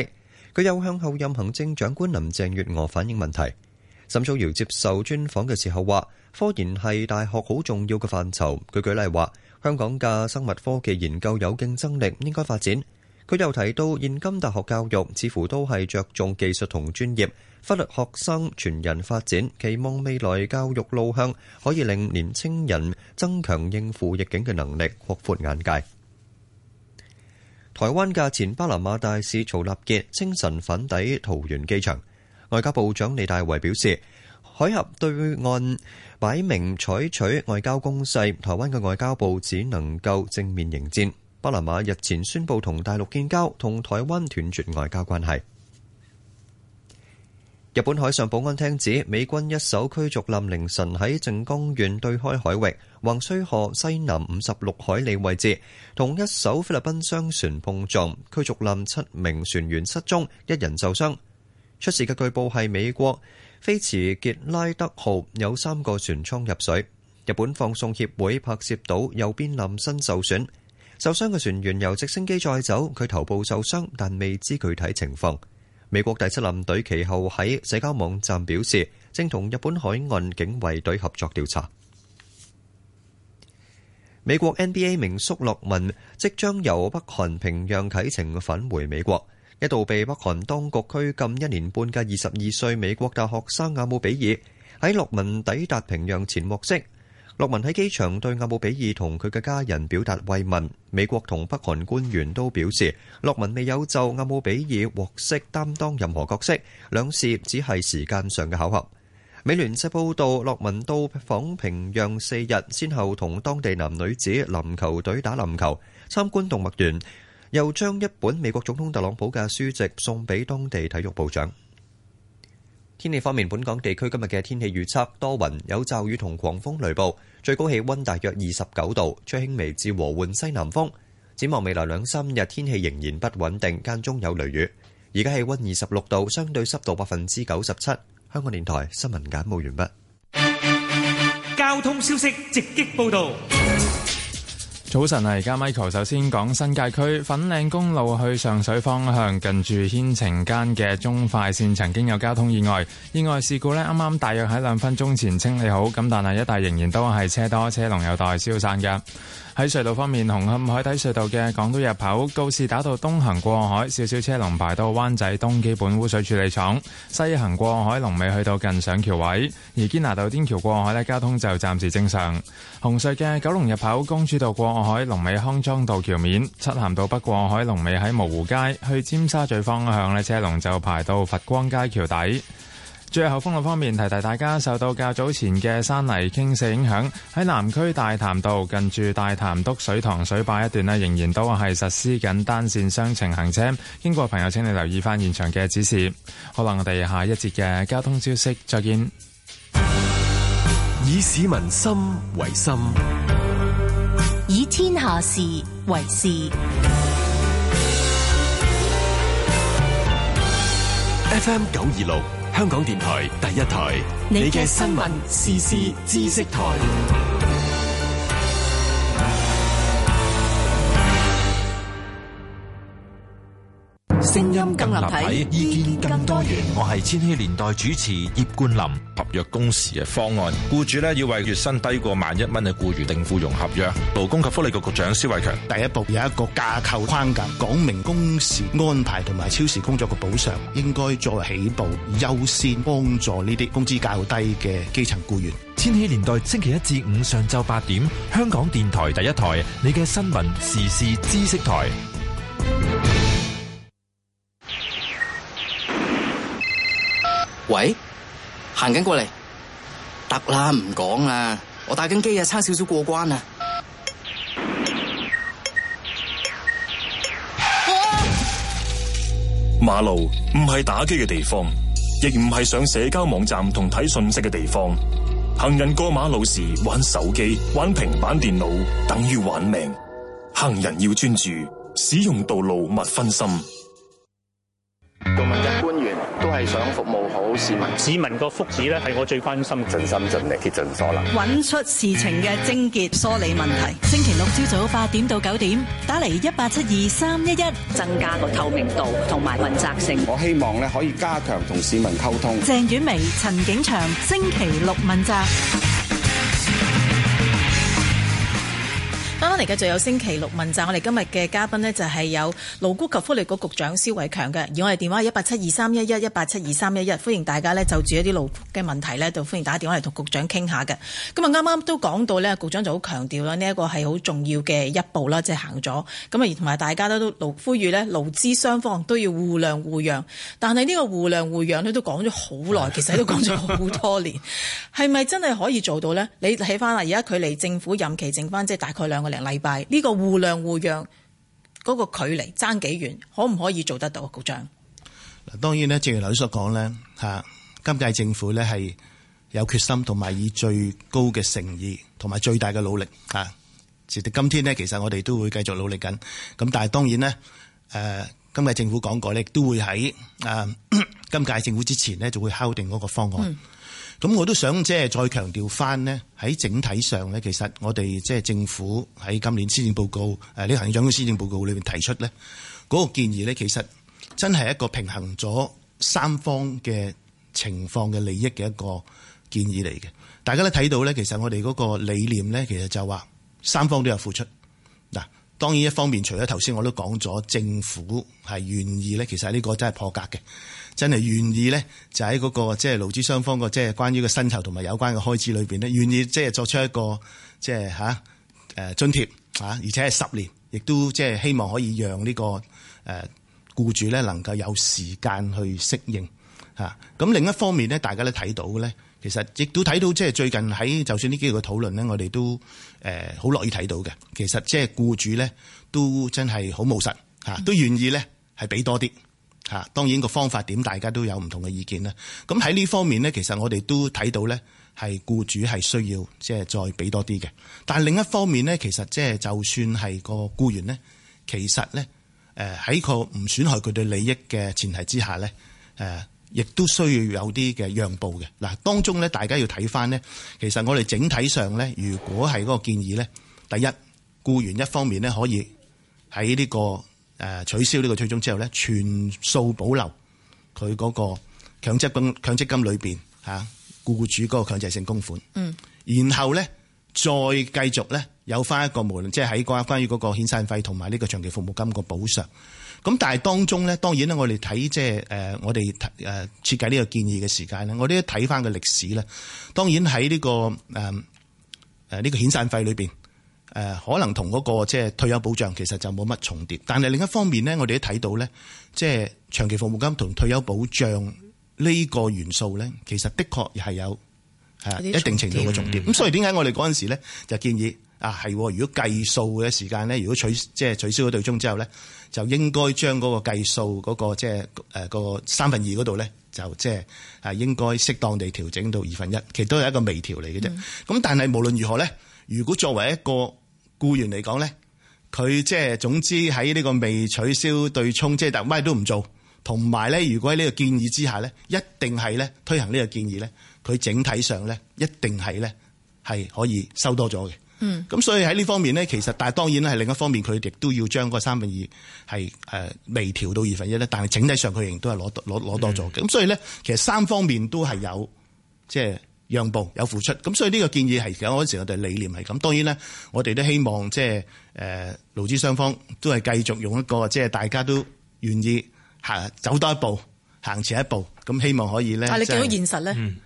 佢又向後任行政長官林鄭月娥反映問題。沈祖堯接受專訪嘅時候話，科研係大學好重要嘅範疇。佢舉例話，香港嘅生物科技研究有競爭力，應該發展。佢又提到，現今大學教育似乎都係着重技術同專業。忽略學生全人發展，期望未來教育路向可以令年青人增強應付逆境嘅能力，擴闊眼界。台灣嘅前巴拿馬大使曹立傑清晨返抵桃園機場，外交部長李大維表示，海峽對岸擺明採取外交攻勢，台灣嘅外交部只能夠正面迎戰。巴拿馬日前宣布同大陸建交，同台灣斷絕外交關係。日本海上保安廳指，美軍一艘驅逐艦凌晨喺靜岡縣對開海域，橫須賀西南五十六海里位置，同一艘菲律賓商船碰撞，驅逐艦七名船員失蹤，一人受傷。出事嘅據報係美國飛馳傑拉德號，有三個船艙入水。日本放送協會拍攝到右邊艦身受損，受傷嘅船員由直升機載走，佢頭部受傷，但未知具體情況。美國第七艦隊其後喺社交網站表示，正同日本海岸警衛隊合作調查。美國 NBA 名宿洛文即將由北韓平壤啟程返回美國，一度被北韓當局拘禁一年半嘅二十二歲美國大學生亞姆比爾喺洛文抵達平壤前獲釋。洛文喺機場對阿姆比爾同佢嘅家人表達慰問。美國同北韓官員都表示，洛文未有就阿姆比爾獲釋擔當任何角色，兩事只係時間上嘅巧合。美聯社報道，洛文到訪平壤四日，先後同當地男女子籃球隊打籃球，參觀動物園，又將一本美國總統特朗普嘅書籍送俾當地體育部長。天氣方面，本港地區今日嘅天氣預測多雲，有驟雨同狂風雷暴，最高氣溫大約二十九度，吹輕微至和緩西南風。展望未來兩三日天氣仍然不穩定，間中有雷雨。而家氣溫二十六度，相對濕度百分之九十七。香港電台新聞簡報完畢。交通消息直擊報道。早晨啊，而家 Michael 首先講新界區粉嶺公路去上水方向近住軒晴間嘅中快線，曾經有交通意外，意外事故咧，啱啱大約喺兩分鐘前清理好，咁但係一帶仍然都係車多車龍有待消散嘅。喺隧道方面，紅磡海底隧道嘅港島入口告士打道東行過海，少少車龍排到灣仔東基本污水處理廠；西行過海龍尾去到近上橋位。而堅拿道天橋過海咧，交通就暫時正常。紅隧嘅九龍入口公主道過海龍尾康莊道橋面，漆咸道北過海龍尾喺蕪湖街去尖沙咀方向咧，車龍就排到佛光街橋底。最後，封路方面提提大家，受到較早前嘅山泥傾瀉影響，喺南區大潭道近住大潭篤水塘水壩一段咧，仍然都係實施緊單線雙程行車。經過朋友請你留意翻現場嘅指示。好啦，我哋下一節嘅交通消息，再見。以市民心為心，以天下事為事。FM 九二六。香港電台第一台，你嘅新聞時事知識台。聲音更立體，意見更多元。我係千禧年代主持葉冠霖，合約工時嘅方案，雇主呢要為月薪低過萬一蚊嘅雇員定僱傭合約。勞工及福利局局長蕭偉強，第一步有一個架構框架，講明工時安排同埋超時工作嘅補償，應該在起步優先幫助呢啲工資較低嘅基層雇員。千禧年代星期一至五上晝八點，香港電台第一台，你嘅新聞時事知識台。喂，行緊過嚟，得啦，唔講啦，我打緊機啊，差少少過關啊。馬路唔係打機嘅地方，亦唔係上社交網站同睇信息嘅地方。行人過馬路時玩手機、玩平板電腦，等於玩命。行人要專注，使用道路勿分心。做問責官員都係想服務。市民市個福祉咧係我最關心，盡心盡力竭盡所能，揾出事情嘅症結，梳理問題。星期六朝早八點到九點，打嚟一八七二三一一，增加個透明度同埋問責性。我希望咧可以加強同市民溝通。鄭婉薇、陳景祥，星期六問責。翻嚟嘅就有星期六問責我哋今日嘅嘉賓咧就係、是、有勞工及福利局局長蕭偉強嘅，而我哋電話 11, 11, 一八七二三一一一八七二三一一，歡迎大家咧就住一啲勞工嘅問題咧，就歡迎打電話嚟同局長傾下嘅。咁啊啱啱都講到咧，局長就好強調啦，呢一個係好重要嘅一步啦，即係行咗。咁啊，而同埋大家咧都勞呼籲咧，勞資雙方都要互諒互讓，但係呢個互諒互讓咧都講咗好耐，其實都講咗好多年，係咪真係可以做到咧？你睇翻啦，而家距離政府任期剩翻即係大概兩個。成禮拜，呢個互諒互讓嗰個距離爭幾遠，可唔可以做得到，局長？嗱，當然咧，正如劉所講咧，吓今屆政府咧係有決心同埋以，以最高嘅誠意同埋最大嘅努力吓。直至今天咧，其實我哋都會繼續努力緊。咁但係當然咧，誒，今屆政府講過咧，都會喺誒今屆政府之前咧，就會敲定嗰個方案。嗯咁我都想即係再強調翻呢，喺整體上呢，其實我哋即係政府喺今年施政報告，誒呢行政長官施政報告裏面提出呢嗰個建議呢，其實真係一個平衡咗三方嘅情況嘅利益嘅一個建議嚟嘅。大家都睇到呢，其實我哋嗰個理念呢，其實就話三方都有付出。嗱，當然一方面，除咗頭先我都講咗政府係願意呢，其實呢個真係破格嘅。真係願意咧，就喺嗰個即係勞資雙方個即係關於個薪酬同埋有關嘅開支裏邊咧，願意即係作出一個即係吓誒津貼嚇，而且係十年，亦都即係希望可以讓呢個誒僱主咧能夠有時間去適應嚇。咁、啊、另一方面咧，大家都睇到咧，其實亦都睇到即係最近喺就算呢幾個討論咧，我哋都誒好樂意睇到嘅。其實即係僱主咧都真係好務實嚇、啊，都願意咧係俾多啲。嚇，當然個方法點，大家都有唔同嘅意見啦。咁喺呢方面呢，其實我哋都睇到呢係僱主係需要即係再俾多啲嘅。但另一方面呢，其實即係就算係個僱員呢，其實呢誒喺個唔損害佢哋利益嘅前提之下呢，誒亦都需要有啲嘅讓步嘅。嗱，當中呢，大家要睇翻呢，其實我哋整體上呢，如果係嗰個建議呢，第一僱員一方面呢，可以喺呢個。誒取消呢個對沖之後咧，全數保留佢嗰個強積金強積金裏邊嚇僱主嗰個強制,強制性供款，嗯，然後咧再繼續咧有翻一個無論即係喺關關於嗰個遣散費同埋呢個長期服務金個補償，咁但係當中咧當然咧我哋睇即係誒我哋誒設計呢個建議嘅時間咧，我哋都睇翻個歷史咧。當然喺呢、這個誒誒呢個遣散費裏邊。誒可能同嗰個即係退休保障其實就冇乜重疊，但係另一方面咧，我哋都睇到咧，即係長期服務金同退休保障呢個元素咧，其實的確係有係一定程度嘅重疊。咁、嗯、所以點解我哋嗰陣時咧就建議啊係，如果計數嘅時間咧，如果取即係取消咗對沖之後咧，就應該將嗰個計數嗰個即係誒個三分二嗰度咧，就即係係應該適當地調整到二分一，其實都係一個微調嚟嘅啫。咁但係無論如何咧，如果作為一個僱員嚟講咧，佢即係總之喺呢個未取消對沖，即係特乜都唔做。同埋咧，如果喺呢個建議之下咧，一定係咧推行呢個建議咧，佢整體上咧一定係咧係可以收多咗嘅。嗯，咁所以喺呢方面咧，其實但係當然咧係另一方面，佢亦都要將嗰三分二係誒微調到二分一咧，但係整體上佢仍都係攞多攞攞多咗嘅。咁、嗯、所以咧，其實三方面都係有即係。即係讓步有付出，咁所以呢個建議係其實嗰陣時我哋理念係咁。當然咧，我哋都希望即係誒勞資雙方都係繼續用一個即係大家都願意行走多一步，行前一步，咁希望可以咧。但係你見到現實咧，嗱、嗯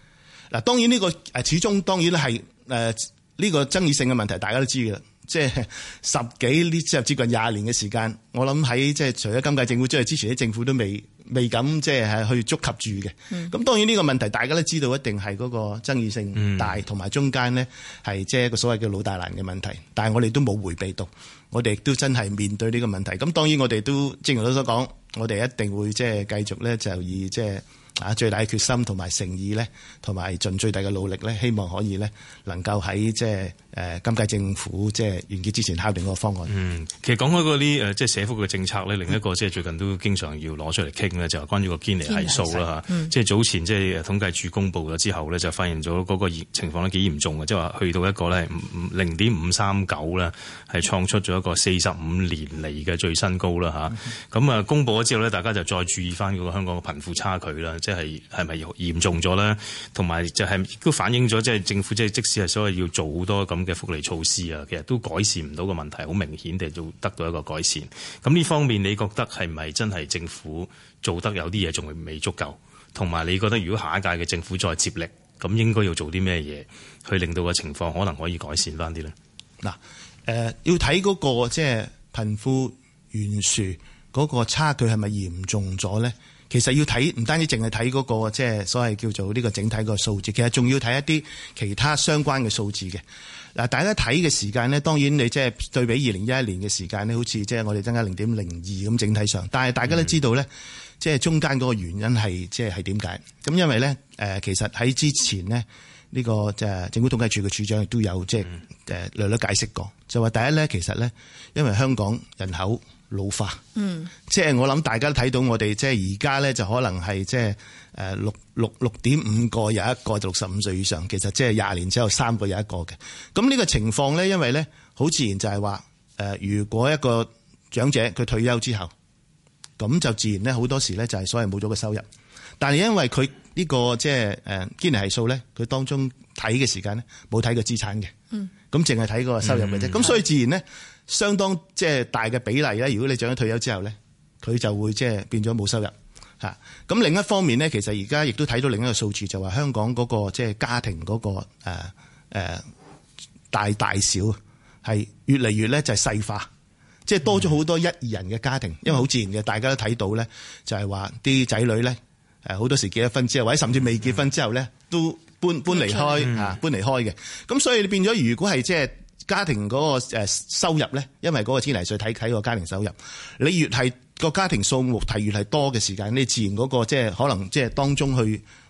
這個，當然呢個誒，始終當然咧係誒呢個爭議性嘅問題，大家都知嘅。即係十幾呢，即係接近廿年嘅時間。我諗喺即係除咗今屆政府之外，之前啲政府都未未敢即係去觸及住嘅。咁、嗯、當然呢個問題大家都知道，一定係嗰個爭議性大，同埋、嗯、中間呢係即係一個所謂嘅老大難嘅問題。但係我哋都冇回避到，我哋亦都真係面對呢個問題。咁當然我哋都正如老所講，我哋一定會即係繼續咧就以即係。啊！最大嘅決心同埋誠意咧，同埋盡最大嘅努力咧，希望可以咧能夠喺即係誒今屆政府即係、呃、完結之前敲定個方案。嗯，其實講開嗰啲誒即係社福嘅政策咧，另一個即係、嗯、最近都經常要攞出嚟傾咧，就係、是、關於個堅尼係數啦嚇。即係早前即係統計處公佈咗之後咧，嗯、就發現咗嗰個情況咧幾嚴重嘅，即係話去到一個咧零點五三九咧，係創出咗一個四十五年嚟嘅最新高啦嚇。咁啊、嗯嗯、公佈咗之後咧，大家就再注意翻嗰個香港嘅貧富差距啦。即係係咪嚴重咗咧？同埋就係都反映咗，即係政府即係即使係所謂要做好多咁嘅福利措施啊，其實都改善唔到個問題，好明顯地就得到一個改善。咁呢方面，你覺得係咪真係政府做得有啲嘢仲未足夠？同埋你覺得如果下一屆嘅政府再接力，咁應該要做啲咩嘢去令到個情況可能可以改善返啲咧？嗱、呃，誒要睇嗰、那個即係、就是、貧富懸殊嗰個差距係咪嚴重咗咧？其實要睇唔單止淨係睇嗰個即係所謂叫做呢個整體個數字，其實仲要睇一啲其他相關嘅數字嘅。嗱，大家睇嘅時間呢，當然你即係對比二零一一年嘅時間呢，好似即係我哋增加零點零二咁整體上。但係大家都知道呢，即係、嗯、中間嗰個原因係即係點解？咁因為呢，誒其實喺之前呢，呢、呢個即係政府統計處嘅處長亦都有即係略略解釋過，就話、嗯、第一呢，其實呢，因為香港人口老化，嗯，即係我諗，大家都睇到我哋即係而家咧，就可能係即係誒六六六點五個有一個就六十五歲以上，其實即係廿年之後三個有一個嘅。咁呢個情況咧，因為咧好自然就係話誒，如果一個長者佢退休之後，咁就自然咧好多時咧就係所謂冇咗個收入。但係因為佢呢個即係誒堅尼係數咧，佢當中睇嘅時間咧冇睇過資產嘅，嗯，咁淨係睇個收入嘅啫。咁、嗯、所以自然咧。相當即係大嘅比例咧，如果你長咗退休之後咧，佢就會即係變咗冇收入嚇。咁、啊、另一方面咧，其實而家亦都睇到另一個數字，就係、是、香港嗰個即係家庭嗰、那個誒、啊啊、大大小，係越嚟越咧就係細化，即、就、係、是、多咗好多一二人嘅家庭，嗯、因為好自然嘅，大家都睇到咧，就係話啲仔女咧誒好多時結咗婚之後，或者甚至未結婚之後咧，都搬搬離開嚇，搬離開嘅。咁、嗯啊、所以你變咗，如果係即係。就是家庭嗰個收入咧，因為嗰個千嚟歲睇睇個家庭收入，你越係個家庭數目提越係多嘅時間，你自然嗰、那個即係可能即係當中去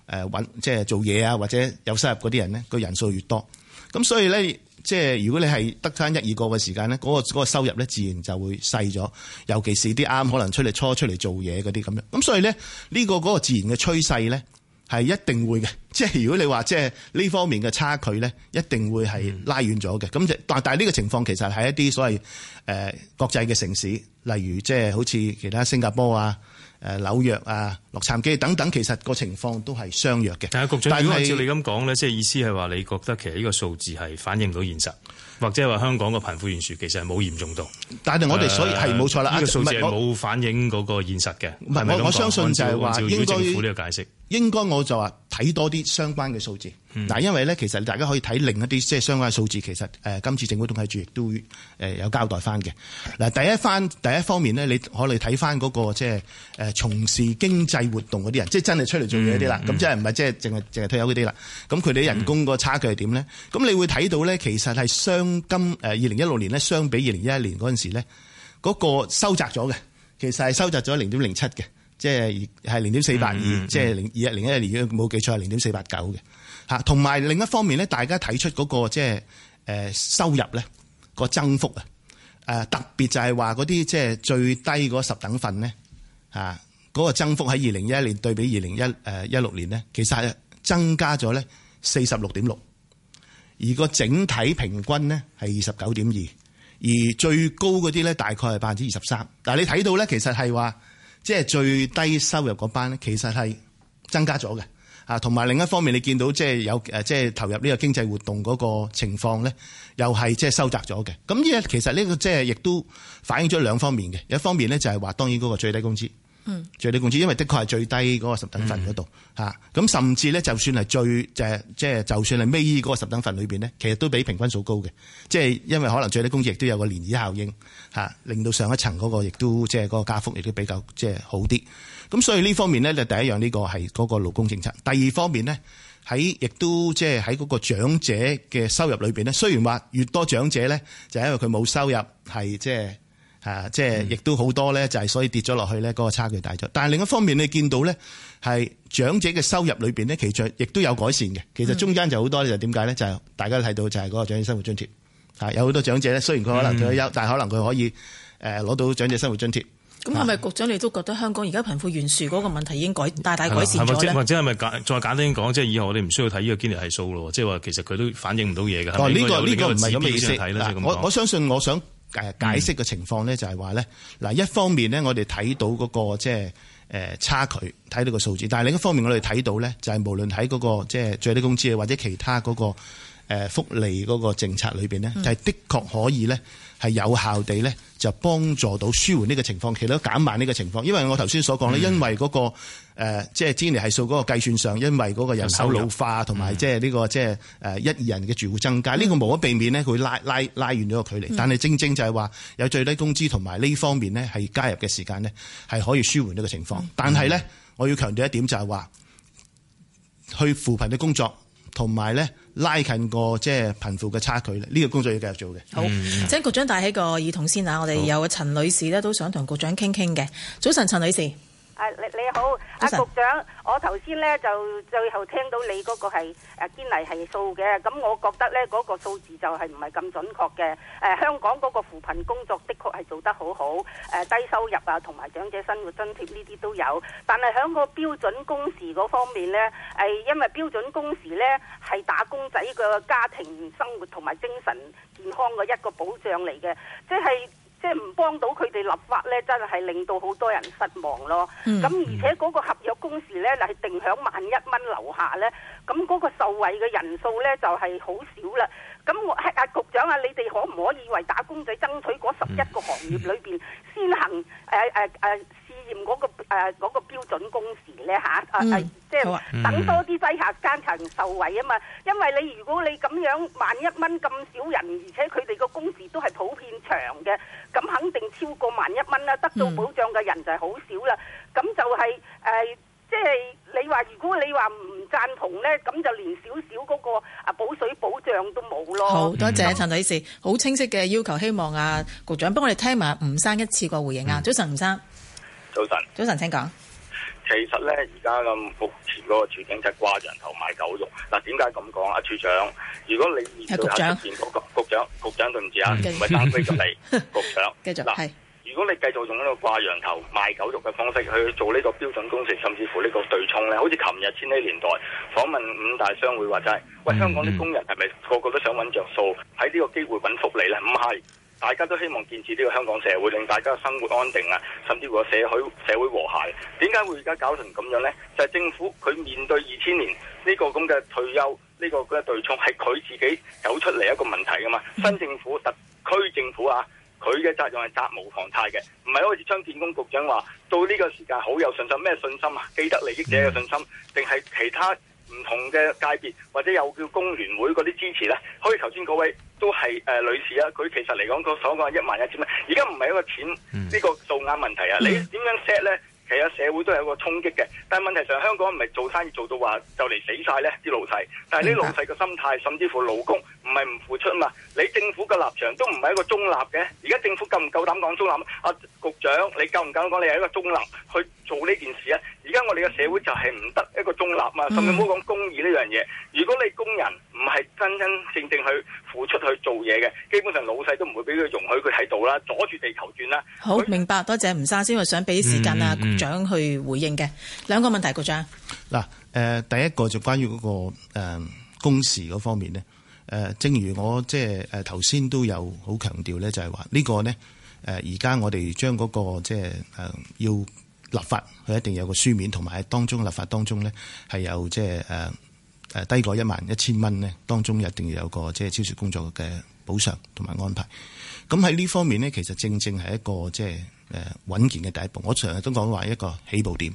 誒揾、呃、即係做嘢啊，或者有收入嗰啲人咧，個人數越多，咁所以咧即係如果你係得返一、二個嘅時間咧，嗰、那個那個收入咧自然就會細咗，尤其是啲啱可能出嚟初出嚟做嘢嗰啲咁樣，咁所以咧呢、這個嗰、那個自然嘅趨勢咧。係一定會嘅，即係如果你話即係呢方面嘅差距咧，一定會係拉遠咗嘅。咁但但係呢個情況其實係一啲所謂誒國際嘅城市，例如即係好似其他新加坡啊、誒紐約啊、洛杉磯等等，其實個情況都係相若嘅。係啊，局長，如果照你咁講咧，即係意思係話你覺得其實呢個數字係反映到現實，或者係話香港個貧富懸殊其實係冇嚴重到。但係我哋所以係冇錯啦，呢個數字係冇反映嗰個現實嘅。唔係我相信就係話應該政府呢個解釋。應該我就話睇多啲相關嘅數字。嗱、嗯，因為咧，其實大家可以睇另一啲即係相關嘅數字。其實誒，今次政府統計處亦都誒有交代翻嘅。嗱，第一翻第一方面咧，你可以睇翻嗰個即係誒從事經濟活動嗰啲人，即係真係出嚟做嘢嗰啲啦。咁、嗯嗯、即係唔係即係淨係淨係退休嗰啲啦？咁佢哋人工個差距係點咧？咁、嗯、你會睇到咧、那個，其實係相今誒二零一六年咧，相比二零一一年嗰陣時咧，嗰個收窄咗嘅，其實係收窄咗零點零七嘅。即係係零點四八二，即係二一零一年冇記錯係零點四八九嘅嚇。同、hmm. 埋、嗯嗯嗯、另一方面咧，大家睇出嗰個即係誒收入咧個增幅啊誒特別就係話嗰啲即係最低嗰十等份咧嚇嗰個增幅喺二零一一年對比二零一誒一六年咧，其實係增加咗咧四十六點六，而個整體平均咧係二十九點二，而最高嗰啲咧大概係百分之二十三。但係你睇到咧，其實係話。即係最低收入嗰班咧，其實係增加咗嘅啊。同埋另一方面，你見到即係有誒，即係投入呢個經濟活動嗰個情況咧，又係即係收窄咗嘅。咁呢其實呢個即係亦都反映咗兩方面嘅。一方面咧就係話，當然嗰個最低工資。最低工資，因為的確係最低嗰個十等份嗰度嚇，咁、嗯、甚至咧，就算係最即係即係，就算係尾嗰個十等份裏邊咧，其實都比平均數高嘅。即係因為可能最低工資亦都有個漣漪效應嚇，令到上一層嗰個亦都即係嗰個加幅亦都比較即係好啲。咁所以呢方面咧就第一樣呢個係嗰個勞工政策。第二方面咧喺亦都即係喺嗰個長者嘅收入裏邊咧，雖然話越多長者咧就因為佢冇收入係即係。是就是即係亦都好多咧，就係所以跌咗落去咧，嗰個差距大咗。但係另一方面，你見到咧係長者嘅收入裏邊咧，其實亦都有改善嘅。其實中間就好多就點解咧？就係、是、大家都睇到就係嗰個長者生活津貼有好多長者咧，雖然佢可能佢有，嗯、但係可能佢可以誒攞到長者生活津貼。咁係咪，局長你都覺得香港而家貧富懸殊嗰個問題已經改大大改善咗咧？即係咪簡再簡單講，即係以後我哋唔需要睇呢個 Gini 係數咯？即係話其實佢都反映唔到嘢嘅。呢個、是是個呢、呢個呢、呢個唔係咁嘅意思我我。我相信我想。解釋嘅情況咧，就係話咧，嗱一方面咧，我哋睇到嗰個即係誒差距，睇到個數字；但係另一方面，我哋睇到咧，就係無論喺嗰個即係最低工資啊，或者其他嗰個誒福利嗰個政策裏邊咧，係、就是、的確可以咧。係有效地咧，就幫助到舒緩呢個情況，其實都減慢呢個情況。因為我頭先所講咧，嗯、因為嗰、嗰個即係堅尼系數嗰個計算上，因為嗰個人口老化同埋即係呢個即係誒一二人嘅住戶增加，呢、嗯、個無可避免咧，佢拉拉拉遠咗個距離。但係正正就係話有最低工資同埋呢方面咧，係加入嘅時間咧，係可以舒緩呢個情況。嗯、但係咧，我要強調一點就係話，去扶貧嘅工作，同埋咧，拉近個即係貧富嘅差距咧，呢個工作要繼續做嘅。好，請局長帶起個耳筒先啊！嗯、我哋有陳女士咧，好都想同局長傾傾嘅。早晨，陳女士。誒，你你好，阿生局長，我頭先咧就最後聽到你嗰個係誒、啊、堅尼係數嘅，咁我覺得咧嗰、那個數字就係唔係咁準確嘅。誒、啊，香港嗰個扶貧工作的確係做得好好，誒、啊、低收入啊，同埋長者生活津貼呢啲都有，但係喺個標準工時嗰方面咧，誒、啊、因為標準工時咧係打工仔個家庭生活同埋精神健康嘅一個保障嚟嘅，即、就、係、是。即係唔幫到佢哋立法咧，真係令到好多人失望咯。咁 [NOISE] 而且嗰個合約工時咧就係定喺萬一蚊樓下咧，咁嗰個受惠嘅人數咧就係、是、好少啦。咁我，阿、啊、局長啊，你哋可唔可以為打工仔爭取嗰十一個行業裏邊先行？誒誒誒。呃呃掂嗰個誒嗰個標準工時咧嚇誒，即係等多啲低下階層受惠啊嘛。因為你如果你咁樣萬一蚊咁少人，而且佢哋個工時都係普遍長嘅，咁肯定超過萬一蚊啦。得到保障嘅人就係好少啦。咁就係誒，即係你話如果你話唔贊同咧，咁就連少少嗰個啊補水保障都冇咯。好多謝陳女士好清晰嘅要求，希望啊局長，幫我哋聽埋吳生一次過回應啊。早晨，吳生。早晨，早晨請，請講。其實咧，而家咁目前嗰個處境就係掛羊頭賣狗肉，嗱、啊，點解咁講？阿、啊、處長，如果你面對一下啊，局長局長局長對唔住啊，唔係單飛咗嚟局長。繼續嗱，啊、是如果你繼續用呢個掛羊頭賣狗肉嘅方式去做呢個標準工程，甚至乎呢個對沖咧，好似琴日《千禧年代》訪問五大商會話齋、就是，喂，香港啲工人係咪個，個個都想揾着數，喺呢個機會揾福利咧？唔係。大家都希望建設呢個香港社會，令大家生活安定啊，甚至乎個社會社會和諧。點解會而家搞成咁樣呢？就係政府佢面對二千年呢個咁嘅退休呢個嘅對沖，係佢自己搞出嚟一個問題噶嘛。新政府特區政府啊，佢嘅責任係責無旁貸嘅，唔係好似張建宗局長話到呢個時間好有信心咩信心啊？既得利益者嘅信心，定係其他？唔同嘅界別或者又叫工聯會嗰啲支持咧，可以頭先嗰位都係誒、呃、女士啊，佢其實嚟講，佢所講一萬一千蚊，而家唔係一個錢呢、嗯、個數額問題啊，你點樣 set 咧，其實社會都係有一個衝擊嘅，但係問題上香港唔係做生意做到話就嚟死晒咧啲老細，但係啲老細個心態甚至乎勞工唔係唔付出嘛，你政府嘅立場都唔係一個中立嘅，而家政府夠唔夠膽講中立啊？局長你夠唔夠膽講你係一個中立去做呢件事啊？而家我哋嘅社會就係唔得一個中立啊，甚至好講公義呢樣嘢。如果你工人唔係真真正正去付出去做嘢嘅，基本上老細都唔會俾佢容許佢喺度啦，阻住地球轉啦。好他 明白，多謝吳先生先，我想俾時間啊、嗯、局長去回應嘅、嗯、兩個問題，局長。嗱，誒，第一個就關於嗰、那個、呃、工時嗰方面呢，誒、呃，正如我即係誒頭先都有好強調咧，就係話呢個呢，誒、呃，而家我哋將嗰、那個即係誒要。立法佢一定有一個書面，同埋喺當中立法當中呢係有即係誒誒低過一萬一千蚊呢，當中又一定要有個即係、就是、超時工作嘅補償同埋安排。咁喺呢方面呢，其實正正係一個即係誒穩健嘅第一步。我成日都講話一個起步點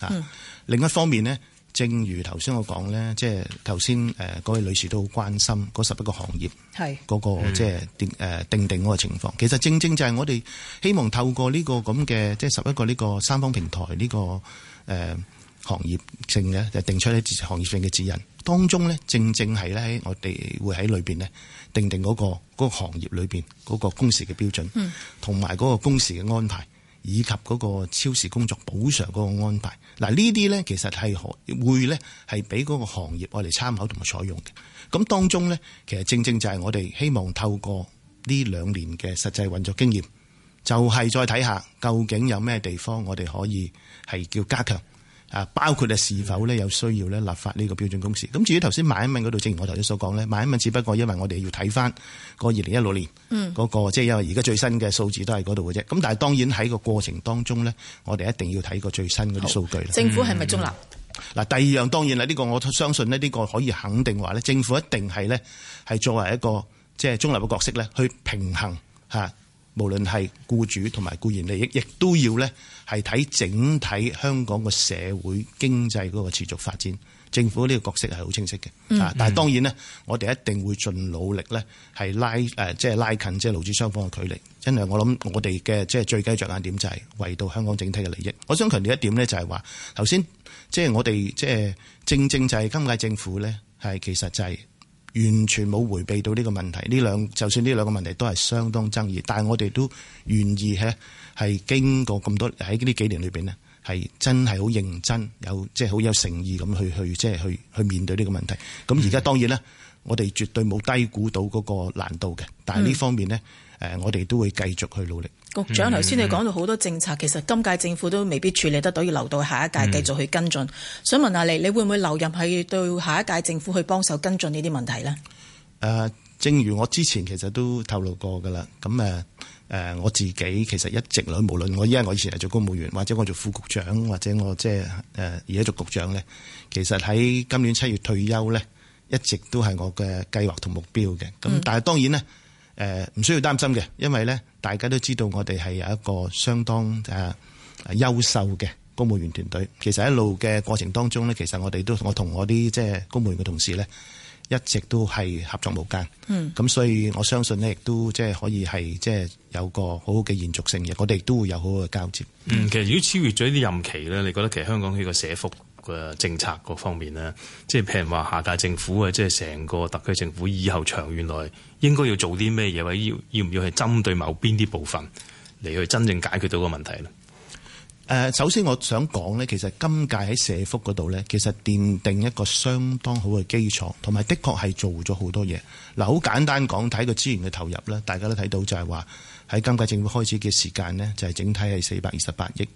嚇。啊嗯、另一方面呢。正如頭先我講呢，即係頭先誒嗰位女士都好關心嗰十一個行業，嗰是、嗰個即係誒定定嗰個情況。其實正正就係我哋希望透過呢、呢個咁嘅即係十一個呢個三方平台呢、呢個誒、呃、行業性嘅，就定出啲行業性嘅指引。當中呢，正正係呢，喺我哋會喺裏邊呢，定定嗰、嗰個嗰個行業裏邊嗰個工時嘅標準，同埋嗰個工時嘅安排。以及嗰個超時工作補償嗰個安排，嗱，呢啲呢其實係可會呢係俾嗰個行業我哋參考同埋採用嘅。咁當中呢，其實正正就係我哋希望透過呢兩年嘅實際運作經驗，就係、是、再睇下究竟有咩地方我哋可以係叫加強。啊，包括咧是否咧有需要咧立法呢個標準工時？咁至於頭先婉薇問嗰度，正如我頭先所講咧，婉薇問只不過因為我哋要睇翻個二零一六年嗰、那個，即係、嗯、因為而家最新嘅數字都係嗰度嘅啫。咁但係當然喺個過程當中咧，我哋一定要睇個最新嗰啲數據。政府係咪中立？嗱、嗯，第二樣當然啦，呢、這個我相信呢，呢、這個可以肯定話咧，政府一定係咧係作為一個即係、就是、中立嘅角色咧，去平衡嚇，無論係僱主同埋僱員利益，亦都要咧。係睇整體香港個社會經濟嗰個持續發展，政府呢個角色係好清晰嘅。嗯。啊、但係當然呢，嗯、我哋一定會盡努力呢，係拉誒，即係拉近即係勞資雙方嘅距離。因為我諗我哋嘅即係最緊要着眼點就係維護香港整體嘅利益。我想強調一點呢，就係話頭先即係我哋即係正正就係今屆政府呢，係其實就係完全冇迴避到呢個問題。呢兩就算呢兩個問題都係相當爭議，但係我哋都願意係。係經過咁多喺呢幾年裏邊呢，係真係好認真，有即係好有誠意咁去去即係去去面對呢個問題。咁而家當然啦，我哋絕對冇低估到嗰個難度嘅。但係呢方面呢，誒、嗯呃、我哋都會繼續去努力。局長，頭先你講到好多政策，其實今屆政府都未必處理得到，要留到下一屆繼續去跟進。嗯、想問下你，你會唔會留任去到下一屆政府去幫手跟進呢啲問題呢？誒、呃，正如我之前其實都透露過㗎喇，咁誒。呃誒，我自己其實一直嚟，無論我因為我以前係做公務員，或者我做副局長，或者我即係誒而家做局長咧，其實喺今年七月退休咧，一直都係我嘅計劃同目標嘅。咁但係當然呢，誒唔需要擔心嘅，因為咧大家都知道我哋係有一個相當誒優秀嘅公務員團隊。其實一路嘅過程當中咧，其實我哋都我同我啲即係公務員嘅同事咧。一直都係合作無間，咁、嗯、所以我相信呢，亦都即係可以係即係有個好好嘅延續性嘅，我哋都會有好好嘅交接、嗯。其實如果超越咗呢啲任期咧，你覺得其實香港呢個社福嘅政策各方面呢，即係譬如話下屆政府啊，即係成個特區政府以後長遠內應該要做啲咩嘢，或者要要唔要去針對某邊啲部分嚟去真正解決到個問題咧？誒，首先我想講呢，其實今屆喺社福嗰度呢，其實奠定一個相當好嘅基礎，同埋的確係做咗好多嘢。嗱，好簡單講，睇個資源嘅投入呢，大家都睇到就係話喺今屆政府開始嘅時間呢，就係、是、整體係四百二十八億，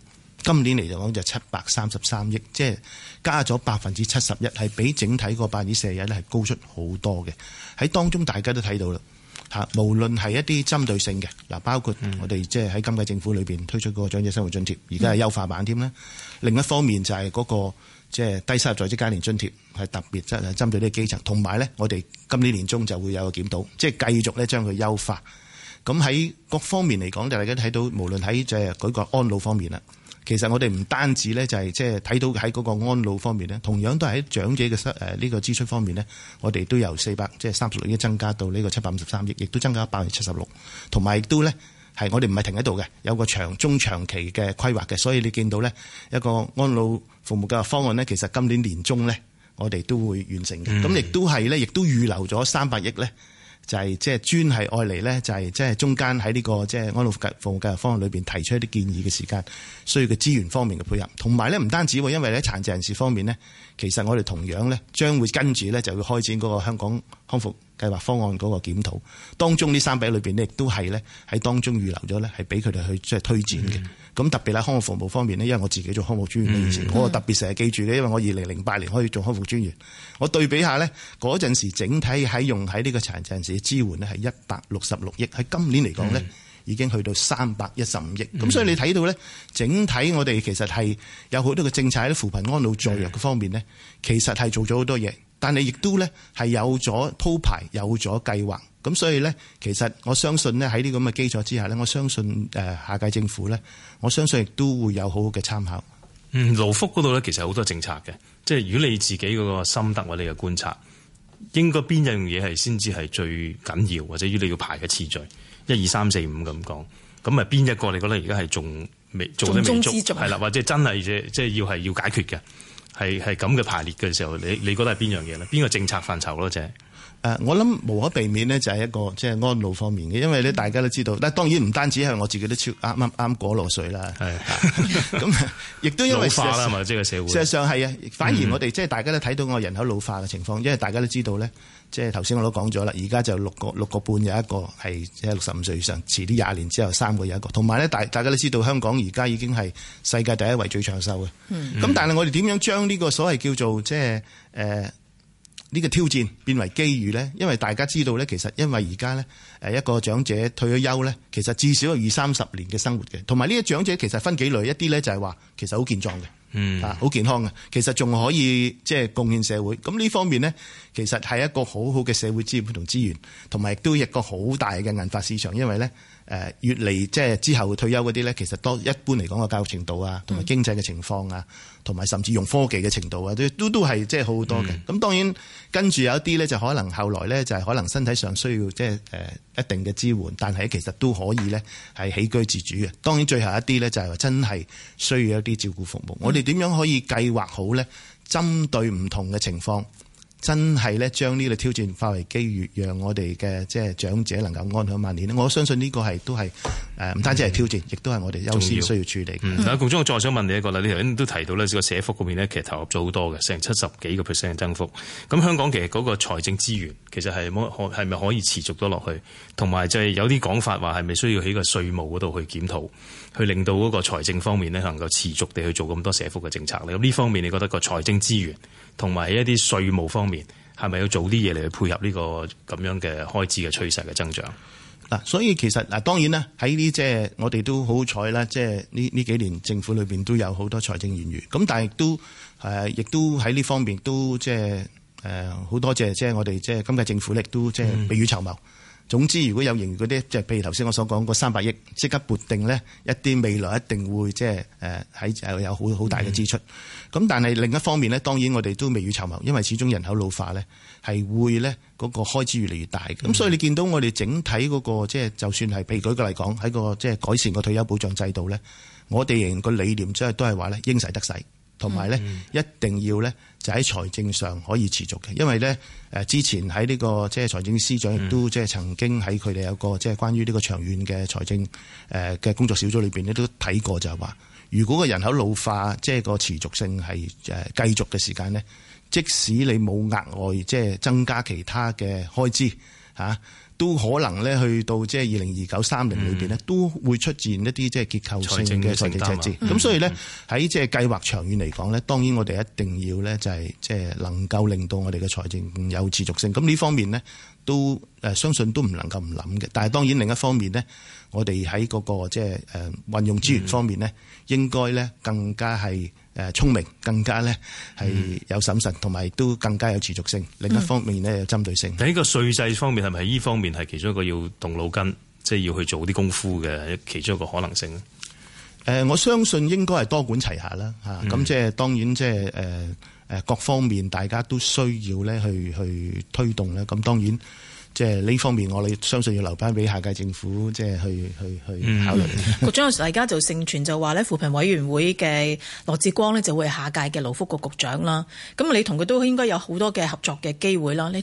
今年嚟就講就七百三十三億，即、就、係、是、加咗百分之七十一，係比整體個百分之四十一呢，係高出好多嘅。喺當中大家都睇到啦。嚇，無論係一啲針對性嘅，嗱，包括我哋即係喺今屆政府裏邊推出嗰個長者生活津貼，而家係優化版添啦。嗯、另一方面就係嗰個即係低收入在職家庭津貼，係特別即係針對啲基層。同埋咧，我哋今年年中就會有個檢討，即、就、係、是、繼續咧將佢優化。咁喺各方面嚟講，就大家睇到，無論喺即係舉個安老方面啦。其實我哋唔單止咧，就係即係睇到喺嗰個安老方面咧，同樣都係喺長者嘅誒呢個支出方面咧，我哋都由四百即係三十六億增加到呢個七百五十三億，亦都增加百分之七十六。同埋亦都咧係我哋唔係停喺度嘅，有個長中長期嘅規劃嘅，所以你見到咧一個安老服務計劃方案咧，其實今年年中咧我哋都會完成嘅。咁、嗯、亦都係咧，亦都預留咗三百億咧。就係即係專係愛嚟呢，就係即係中間喺呢個即係安老服服務計劃方案裏邊，提出一啲建議嘅時間，需要嘅資源方面嘅配合，同埋呢，唔單止會，因為咧殘疾人士方面呢，其實我哋同樣呢將會跟住呢，就要開展嗰個香港康復計劃方案嗰個檢討，當中呢三筆裏邊呢亦都係呢，喺當中預留咗呢，係俾佢哋去即係推展嘅。嗯咁特別喺康復服務方面呢，因為我自己做康復專員以前，嗯、我特別成日記住嘅。因為我二零零八年開始做康復專員，我對比下呢嗰陣時整體喺用喺呢個殘疾人士支援呢係一百六十六億，喺今年嚟講呢，嗯、已經去到三百一十五億。咁、嗯、所以你睇到呢，整體我哋其實係有好多嘅政策喺扶貧安老助弱嘅方面呢，其實係做咗好多嘢，但係亦都呢係有咗鋪排，有咗計劃。咁所以咧，其實我相信咧喺呢個咁嘅基礎之下咧，我相信誒、呃、下屆政府咧，我相信亦都會有好好嘅參考。嗯，勞福嗰度咧其實好多政策嘅，即係如果你自己嗰個心得或者你嘅觀察，應該邊樣嘢係先至係最緊要，或者要你要排嘅次序，一二三四五咁講，咁啊邊一個你覺得而家係仲未做得未足？係啦，或者真係即係要係要解決嘅，係係咁嘅排列嘅時候，你你覺得係邊樣嘢咧？邊個政策範疇咯，就係？誒，我諗無可避免呢，就係一個即係安老方面嘅，因為咧大家都知道，但當然唔單止係我自己都超啱啱啱過落水啦，係，咁亦都因為老化啦嘛，即係個社會。事實上係啊，反而我哋即係大家都睇到我人口老化嘅情況，嗯、因為大家都知道咧，即係頭先我都講咗啦，而家就六個六個半有一個係即係六十五歲以上，遲啲廿年之後三個有一個，同埋咧大大家都知道香港而家已經係世界第一位最長壽嘅，咁、嗯、但係我哋點樣將呢個所謂叫做即係誒？呃呢個挑戰變為機遇呢，因為大家知道呢，其實因為而家呢誒一個長者退咗休呢，其實至少有二三十年嘅生活嘅。同埋呢個長者其實分幾類，一啲呢，就係話其實好健壯嘅，嗯，好、啊、健康嘅，其實仲可以即係貢獻社會。咁呢方面呢，其實係一個好好嘅社會資源同資源，同埋亦都一個好大嘅銀發市場，因為呢，誒越嚟即係之後退休嗰啲呢，其實多一般嚟講嘅教育程度啊，同埋經濟嘅情況啊，同埋甚至用科技嘅程度啊，都都都係即係好多嘅。咁、嗯、當然跟住有一啲呢，就可能後來呢，就係可能身體上需要即係誒一定嘅支援，但係其實都可以呢係起居自主嘅。當然最後一啲呢，就係話真係需要一啲照顧服務。嗯、我哋點樣可以計劃好呢？針對唔同嘅情況。真係咧，將呢個挑戰化為機遇，讓我哋嘅即係長者能夠安享晚年。我相信呢個係都係誒，唔、呃、單止係挑戰，亦、嗯、都係我哋優先需要處理。嗯，嗱，局長我再想問你一個啦，你頭先都提到呢個社福嗰邊咧，其實投入咗好多嘅，成七十幾個 percent 嘅增幅。咁香港其實嗰個財政資源其實係可係咪可以持續咗落去？同埋就係有啲講法話係咪需要喺個稅務嗰度去檢討，去令到嗰個財政方面呢，能夠持續地去做咁多社福嘅政策咧？咁呢方面，你覺得個財政資源？同埋一啲稅務方面，係咪要做啲嘢嚟去配合呢個咁樣嘅開支嘅趨勢嘅增長？嗱、啊，所以其實嗱，當然啦，喺呢即係我哋都好彩啦，即係呢呢幾年政府裏邊都有好多財政盈餘。咁但係、啊、都誒，亦都喺呢方面都即係誒，好、呃、多謝即係我哋即係今屆政府亦都即係、嗯、未雨綢繆。總之，如果有盈餘嗰啲，即係譬如頭先我所講個三百億，即刻撥定呢一啲未來一定會即係誒喺有好好大嘅支出。咁、嗯、但係另一方面呢當然我哋都未雨綢繆，因為始終人口老化呢係會呢嗰個開支越嚟越大嘅。咁、嗯、所以你見到我哋整體嗰、嗰個即係就算係譬如舉個例嚟講喺個即係改善個退休保障制度呢，我哋型個理念即係都係話呢：應使得使。同埋咧，一定要咧就喺財政上可以持續嘅，因為咧誒之前喺呢個即係財政司長都即係曾經喺佢哋有個即係關於呢個長遠嘅財政誒嘅工作小組裏邊咧都睇過就係話，如果個人口老化即係、就是、個持續性係誒繼續嘅時間咧，即使你冇額外即係增加其他嘅開支嚇。啊都可能咧，去到即係二零二九三零裏邊咧、嗯，都會出現一啲即係結構性嘅財政赤字。咁、嗯、所以呢，喺即係計劃長遠嚟講咧，當然我哋一定要咧就係即係能夠令到我哋嘅財政有持續性。咁呢方面呢，都誒、呃、相信都唔能夠唔諗嘅。但係當然另一方面呢，我哋喺嗰個即係誒運用資源方面呢，嗯、應該咧更加係。誒聰明更加咧係有審慎，同埋都更加有持續性，另一方面咧有針對性。喺、嗯、個稅制方面係咪依方面係其中一個要動腦筋，即係要去做啲功夫嘅其中一個可能性咧？誒、呃，我相信應該係多管齊下啦。嚇、嗯，咁、啊、即係當然即係誒。呃誒各方面大家都需要咧，去去推動咧。咁當然即係呢方面，我哋相信要留翻俾下屆政府，即係去去、嗯、去考慮、嗯。 [LAUGHS] 局長有時大家就盛傳就話咧，扶貧委員會嘅羅志光咧就會係下屆嘅勞福局局長啦。咁你同佢都應該有好多嘅合作嘅機會啦。你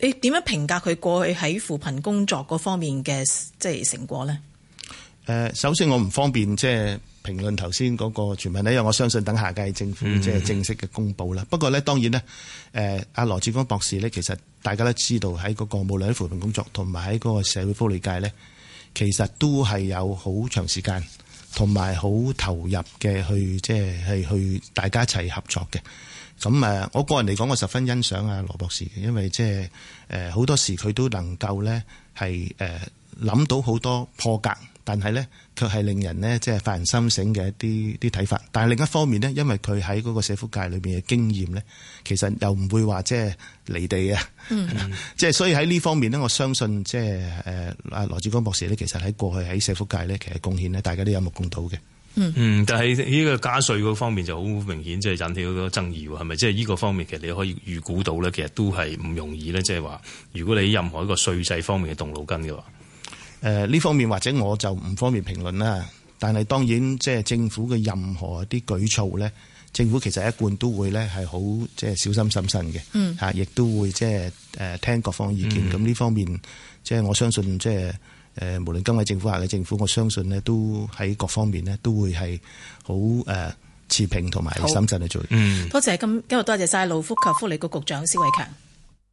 你點樣評價佢過去喺扶貧工作嗰方面嘅即係成果呢？誒，首先我唔方便即係評論頭先嗰個傳聞咧，因為我相信等下屆政府即係正式嘅公佈啦。嗯、不過呢，當然呢，誒、啊、阿羅志光博士呢，其實大家都知道喺、嗰個無論喺扶貧工作同埋喺嗰個社會福利界呢，其實都係有好長時間同埋好投入嘅，去即係去大家一齊合作嘅。咁誒、啊，我個人嚟講，我十分欣賞阿、啊、羅博士，因為即係誒好多時佢都能夠呢，係誒諗到好多破格。但係咧，卻係令人呢，即係發人心醒嘅一啲啲睇法。但係另一方面呢，因為佢喺嗰個社福界裏邊嘅經驗呢，其實又唔會話即係離地嘅。即係、嗯、 [LAUGHS] 所以喺呢方面呢，我相信即係誒啊羅致光博士呢，其實喺過去喺社福界呢，其實貢獻呢，大家都有目共睹嘅。嗯但係呢個加稅嗰方面就好明顯，即係引起好多爭議喎，係咪？即係呢個方面其實你可以預估到呢，其實都係唔容易呢。即係話如果你任何一個稅制方面嘅動腦筋嘅話。誒呢、呃、方面或者我就唔方便評論啦，但係當然即係、呃、政府嘅任何一啲舉措咧，政府其實一貫都會咧係好即係小心審慎嘅，吓、嗯，亦都會即係誒聽各方意見，咁呢、嗯、方面即係、呃、我相信即係誒無論今日政府下嘅政府，我相信咧都喺各方面咧都會係好誒持平同埋審慎去做。嗯，多謝咁，今日多謝晒勞福及福利局局、局長蕭偉強。